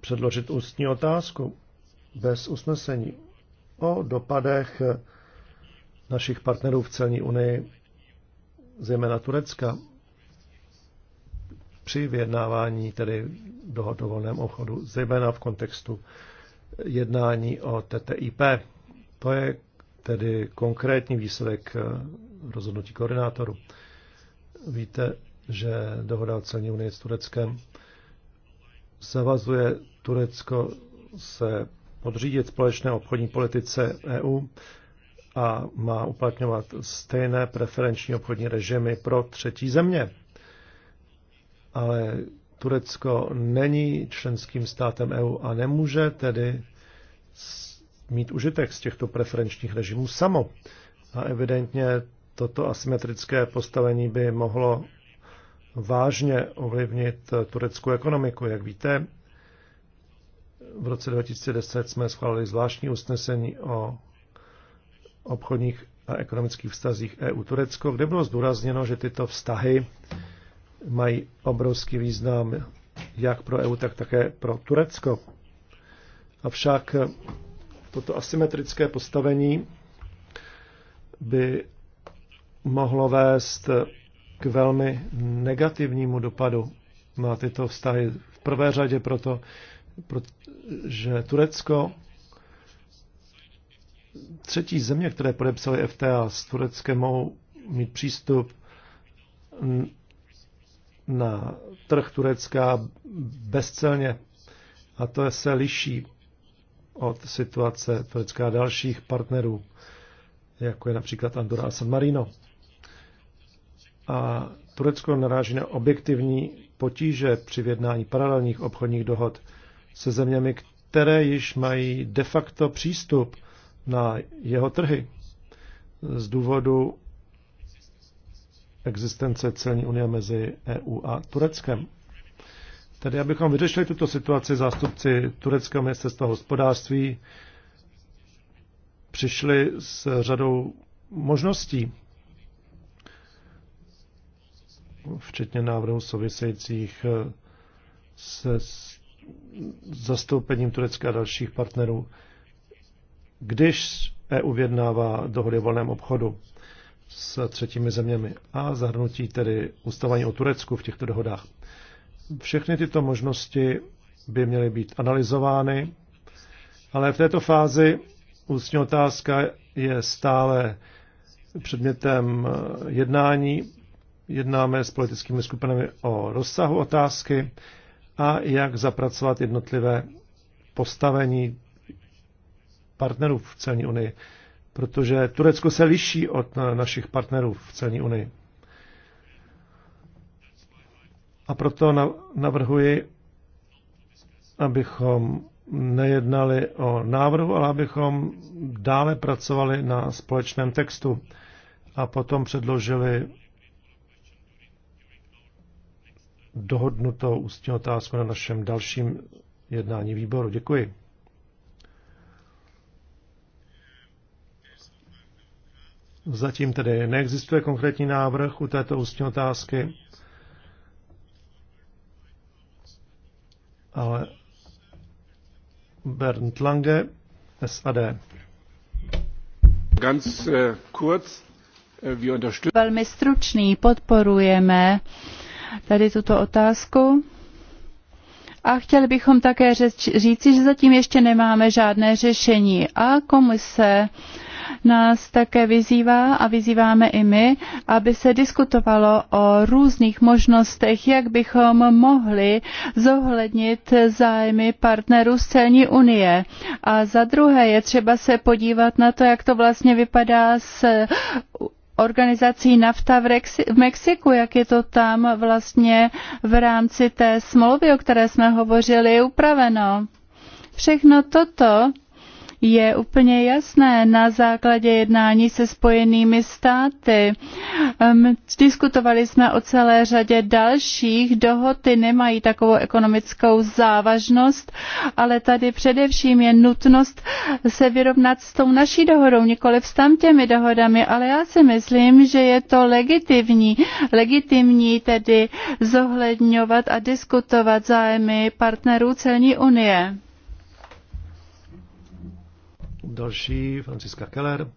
předložit ústní otázku bez usnesení o dopadech našich partnerů v celní unii zejména Turecka, při vyjednávání tedy dohod o volném obchodu, zejména v kontextu jednání o TTIP. To je tedy konkrétní výsledek eh, rozhodnutí koordinátoru. Víte, že dohoda o celní unii s Tureckem zavazuje Turecko se podřídit společné obchodní politice EU a má uplatňovat stejné preferenční obchodní režimy pro třetí země. Ale Turecko není členským státem EU a nemůže tedy mít užitek z těchto preferenčních režimů samo. A evidentně toto asymetrické postavení by mohlo vážně ovlivnit tureckou ekonomiku. Jak víte, v roce 2010 jsme schválili zvláštní usnesení o obchodních a ekonomických vztazích EU-Turecko, kde bylo zdůrazněno, že tyto vztahy mají obrovský význam jak pro EU, tak také pro Turecko. Avšak toto asymetrické postavení by mohlo vést k velmi negativnímu dopadu na tyto vztahy. V prvé řadě proto, protože Turecko třetí země, které podepsaly FTA s Tureckem, mohou mít přístup na trh Turecka bezcelně. A to se liší od situace Turecka a dalších partnerů, jako je například Andorra a San Marino. A Turecko naráží na objektivní potíže při vědnání paralelních obchodních dohod se zeměmi, které již mají de facto přístup na jeho trhy z důvodu existence celní unie mezi EU a Tureckem. Tedy abychom vyřešili tuto situaci, zástupci Tureckého ministerstva hospodářství přišli s řadou možností, včetně návrhů souvisejících se zastoupením Turecka a dalších partnerů když EU vyjednává dohody o volném obchodu s třetími zeměmi a zahrnutí tedy ustavání o Turecku v těchto dohodách. Všechny tyto možnosti by měly být analyzovány, ale v této fázi ústní otázka je stále předmětem jednání. Jednáme s politickými skupinami o rozsahu otázky a jak zapracovat jednotlivé postavení partnerů v celní unii, protože Turecko se liší od eh, našich partnerů v celní unii. A proto navrhuji, abychom nejednali o návrhu, ale abychom dále pracovali na společném textu a potom předložili dohodnutou ústní otázku na našem dalším jednání výboru. Děkuji. Zatím tedy neexistuje konkrétní návrh u této ústní otázky, ale Bernd Lange, SAD. Ganz eh, kurz, eh, wir Velmi stručný, podporujeme tady tuto otázku. A chtěli bychom také říci, že zatím ještě nemáme žádné řešení. A komise uh, nás také vyzývá a vyzýváme i my, aby se diskutovalo o různých možnostech, jak bychom mohli zohlednit zájmy partnerů z celní unie. A za druhé je třeba se podívat na to, jak to vlastně vypadá s organizací NAFTA v, v Mexiku, jak je to tam vlastně v rámci té smlouvy, o které jsme hovořili, upraveno. Všechno toto je úplně jasné na základě jednání se spojenými státy. Diskutovali jsme o celé řadě dalších dohod, ty nemají takovou ekonomickou závažnost, ale tady především je nutnost se vyrovnat s tou naší dohodou, nikoli s tam těmi dohodami, ale já si myslím, že je to legitimní, legitimní tedy zohledňovat a diskutovat zájmy partnerů celní unie. Další, Franciska Keller.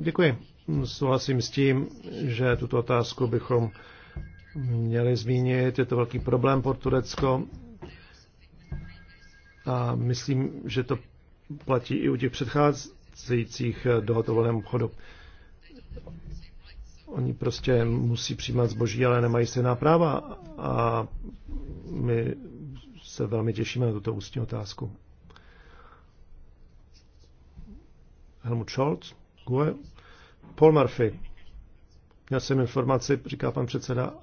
Děkuji. Souhlasím s tím, že tuto otázku bychom měli zmínit. Je to velký problém pro Turecko a myslím, že to platí i u těch předcházejících dohod o volném obchodu. Oni prostě musí přijímat zboží, ale nemají stejná práva a my se velmi těšíme na tuto ústní otázku. Helmut Scholz, GUE. Paul Murphy. Měl jsem informaci, říká pan předseda.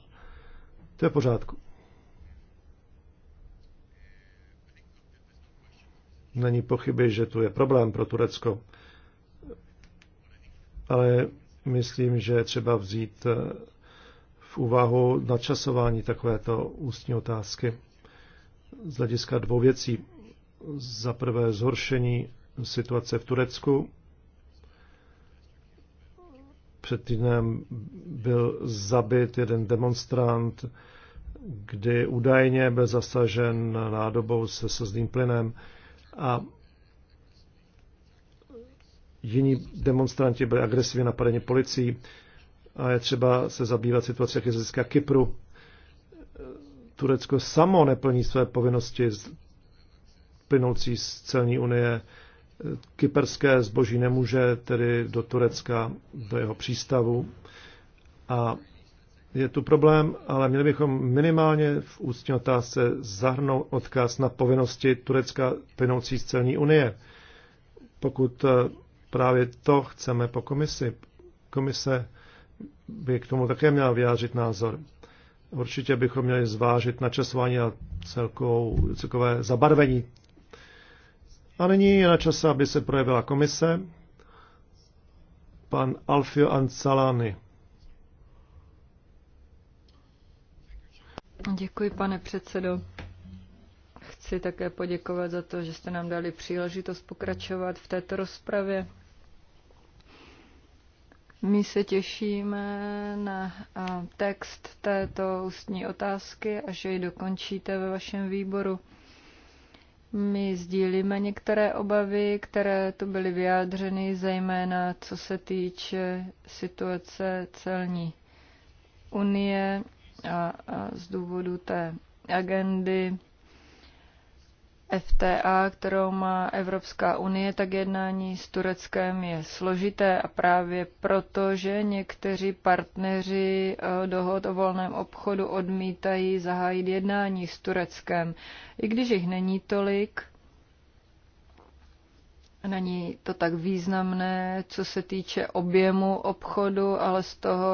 To je v pořádku. Není pochyby, že tu je problém pro Turecko. Ale myslím, že třeba vzít eh, v úvahu načasování takovéto ústní otázky z hlediska dvou věcí. Za prvé zhoršení situace v Turecku před týdnem byl zabit jeden demonstrant, kdy údajně byl zasažen nádobou se slzným plynem a jiní demonstranti byli agresivně napadeni policií a je třeba se zabývat situací, jak je získá Kypru. Turecko samo neplní své povinnosti plynoucí z celní unie kyperské zboží nemůže tedy do Turecka, do jeho přístavu. A je tu problém, ale měli bychom minimálně v ústní otázce zahrnout odkaz na povinnosti Turecka plynoucí z celní unie. Pokud eh, právě to chceme po komisi, komise by k tomu také měla vyjádřit názor. Určitě bychom měli zvážit načasování a celkové zabarvení a nyní je na čase, aby se projevila komise. Pan Alfio Ancalani. Děkuji, pane předsedo. Chci také poděkovat za to, že jste nám dali příležitost pokračovat v této rozpravě. My se těšíme na text této ústní otázky a že ji dokončíte ve vašem výboru. My sdílíme některé obavy, které tu byly vyjádřeny, zejména co se týče situace celní unie a, a z důvodu té agendy FTA, kterou má Evropská unie, tak jednání s Tureckem je složité a právě proto, že někteří partneři eh, dohod o volném obchodu odmítají zahájit jednání s Tureckem. I když jich není tolik, není to tak významné, co se týče objemu obchodu, ale z toho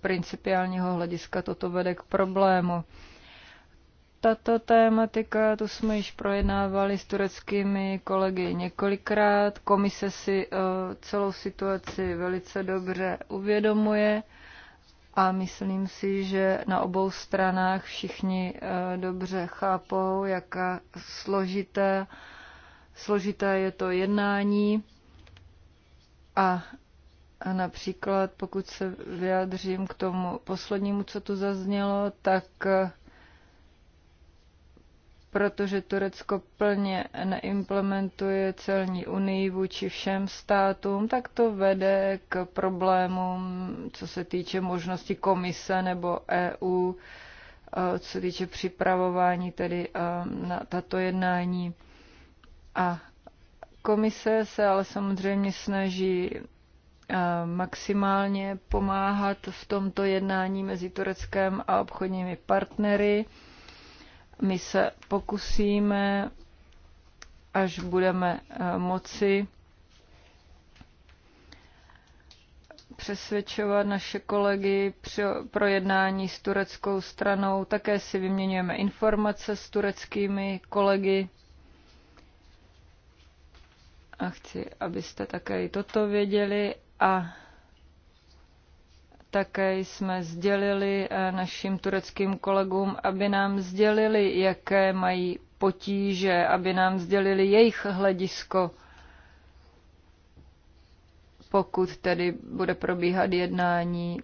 principiálního hlediska toto vede k problému. Tato tématika, to jsme již projednávali s tureckými kolegy několikrát. Komise si eh, celou situaci velice dobře uvědomuje a myslím si, že na obou stranách všichni eh, dobře chápou, jaká složité, složité je to jednání. A například, pokud se vyjádřím k tomu poslednímu, co tu zaznělo, tak eh, protože Turecko plně neimplementuje celní unii vůči všem státům, tak to vede k problémům, co se týče možnosti komise nebo EU, eh, co se týče připravování tedy eh, na tato jednání. A komise se ale samozřejmě snaží eh, maximálně pomáhat v tomto jednání mezi Tureckem a obchodními partnery. My se pokusíme, až budeme eh, moci, přesvědčovat naše kolegy při projednání s tureckou stranou. Také si vyměňujeme informace s tureckými kolegy. A chci, abyste také i toto věděli. A také jsme sdělili eh, našim tureckým kolegům, aby nám sdělili, jaké mají potíže, aby nám sdělili jejich hledisko, pokud tedy bude probíhat jednání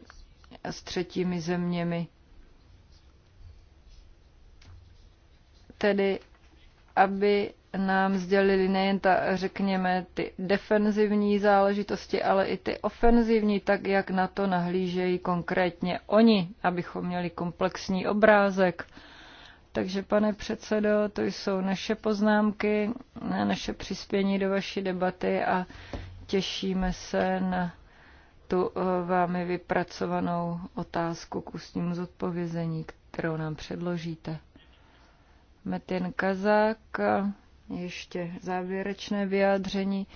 s třetími zeměmi. Tedy, aby nám sdělili nejen ta, řekněme, ty defenzivní záležitosti, ale i ty ofenzivní, tak jak na to nahlížejí konkrétně oni, abychom měli komplexní obrázek. Takže, pane předsedo, to jsou naše poznámky, naše přispění do vaší debaty a těšíme se na tu eh, vámi vypracovanou otázku k ústnímu zodpovězení, kterou nám předložíte. Metin Kazák ještě závěrečné vyjádření.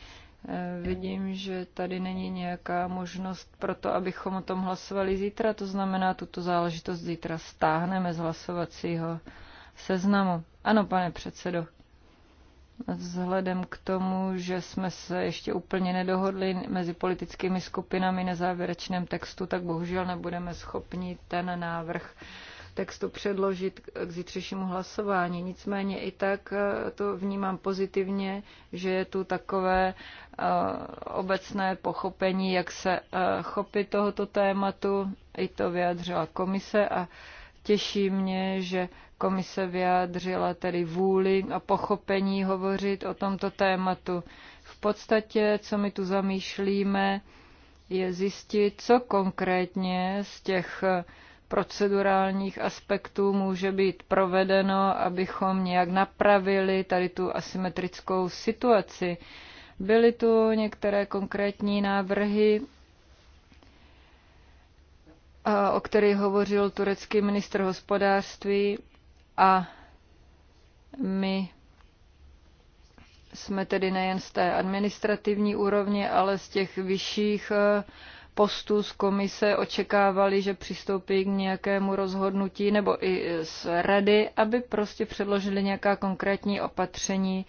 Eh, vidím, že tady není nějaká možnost pro to, abychom o tom hlasovali zítra, to znamená, tuto záležitost zítra stáhneme z hlasovacího seznamu. Ano, pane předsedo. Vzhledem k tomu, že jsme se ještě úplně nedohodli mezi politickými skupinami na závěrečném textu, tak bohužel nebudeme schopni ten návrh uh, textu předložit k zítřejšímu hlasování. Nicméně i tak eh, to vnímám pozitivně, že je tu takové eh, obecné pochopení, jak se eh, chopit tohoto tématu. I to vyjadřila komise a těší mě, že komise vyjádřila tedy vůli a pochopení hovořit o tomto tématu. V podstatě, co my tu zamýšlíme, je zjistit, co konkrétně z těch procedurálních aspektů může být provedeno, abychom nějak napravili tady tu asymetrickou situaci. Byly tu některé konkrétní návrhy, o kterých hovořil turecký ministr hospodářství a my jsme tedy nejen z té administrativní úrovně, ale z těch vyšších Postu z komise očekávali, že přistoupí k nějakému rozhodnutí nebo i z rady, aby prostě předložili nějaká konkrétní opatření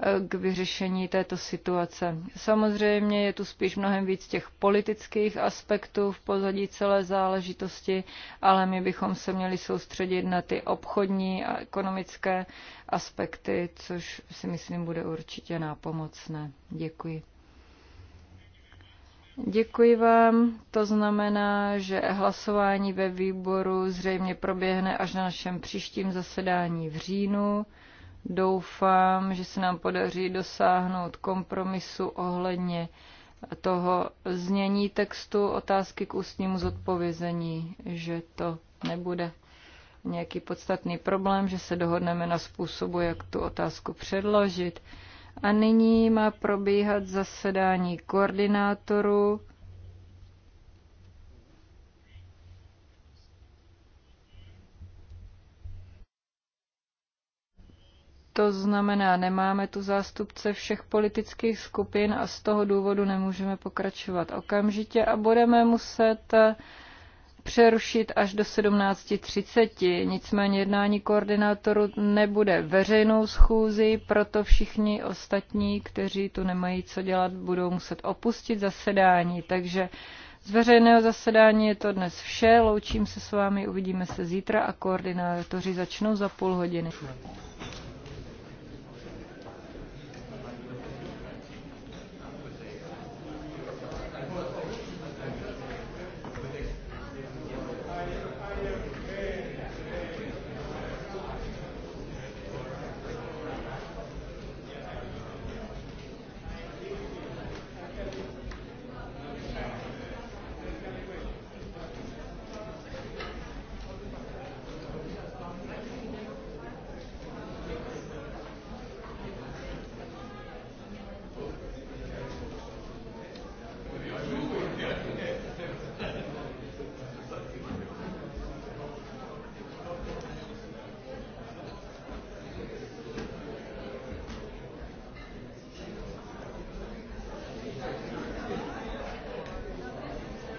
eh, k vyřešení této situace. Samozřejmě je tu spíš mnohem víc těch politických aspektů v pozadí celé záležitosti, ale my bychom se měli soustředit na ty obchodní a ekonomické aspekty, což si myslím bude určitě nápomocné. Děkuji. Děkuji vám. To znamená, že hlasování ve výboru zřejmě proběhne až na našem příštím zasedání v říjnu. Doufám, že se nám podaří dosáhnout kompromisu ohledně toho znění textu otázky k ústnímu zodpovězení, že to nebude nějaký podstatný problém, že se dohodneme na způsobu, jak tu otázku předložit. A nyní má probíhat zasedání koordinátorů. To znamená, nemáme tu zástupce všech politických skupin a z toho důvodu nemůžeme pokračovat okamžitě a budeme muset přerušit až do 17.30. Nicméně jednání koordinátoru nebude veřejnou schůzi, proto všichni ostatní, kteří tu nemají co dělat, budou muset opustit zasedání. Takže z veřejného zasedání je to dnes vše. Loučím se s vámi, uvidíme se zítra a koordinátoři začnou za půl hodiny.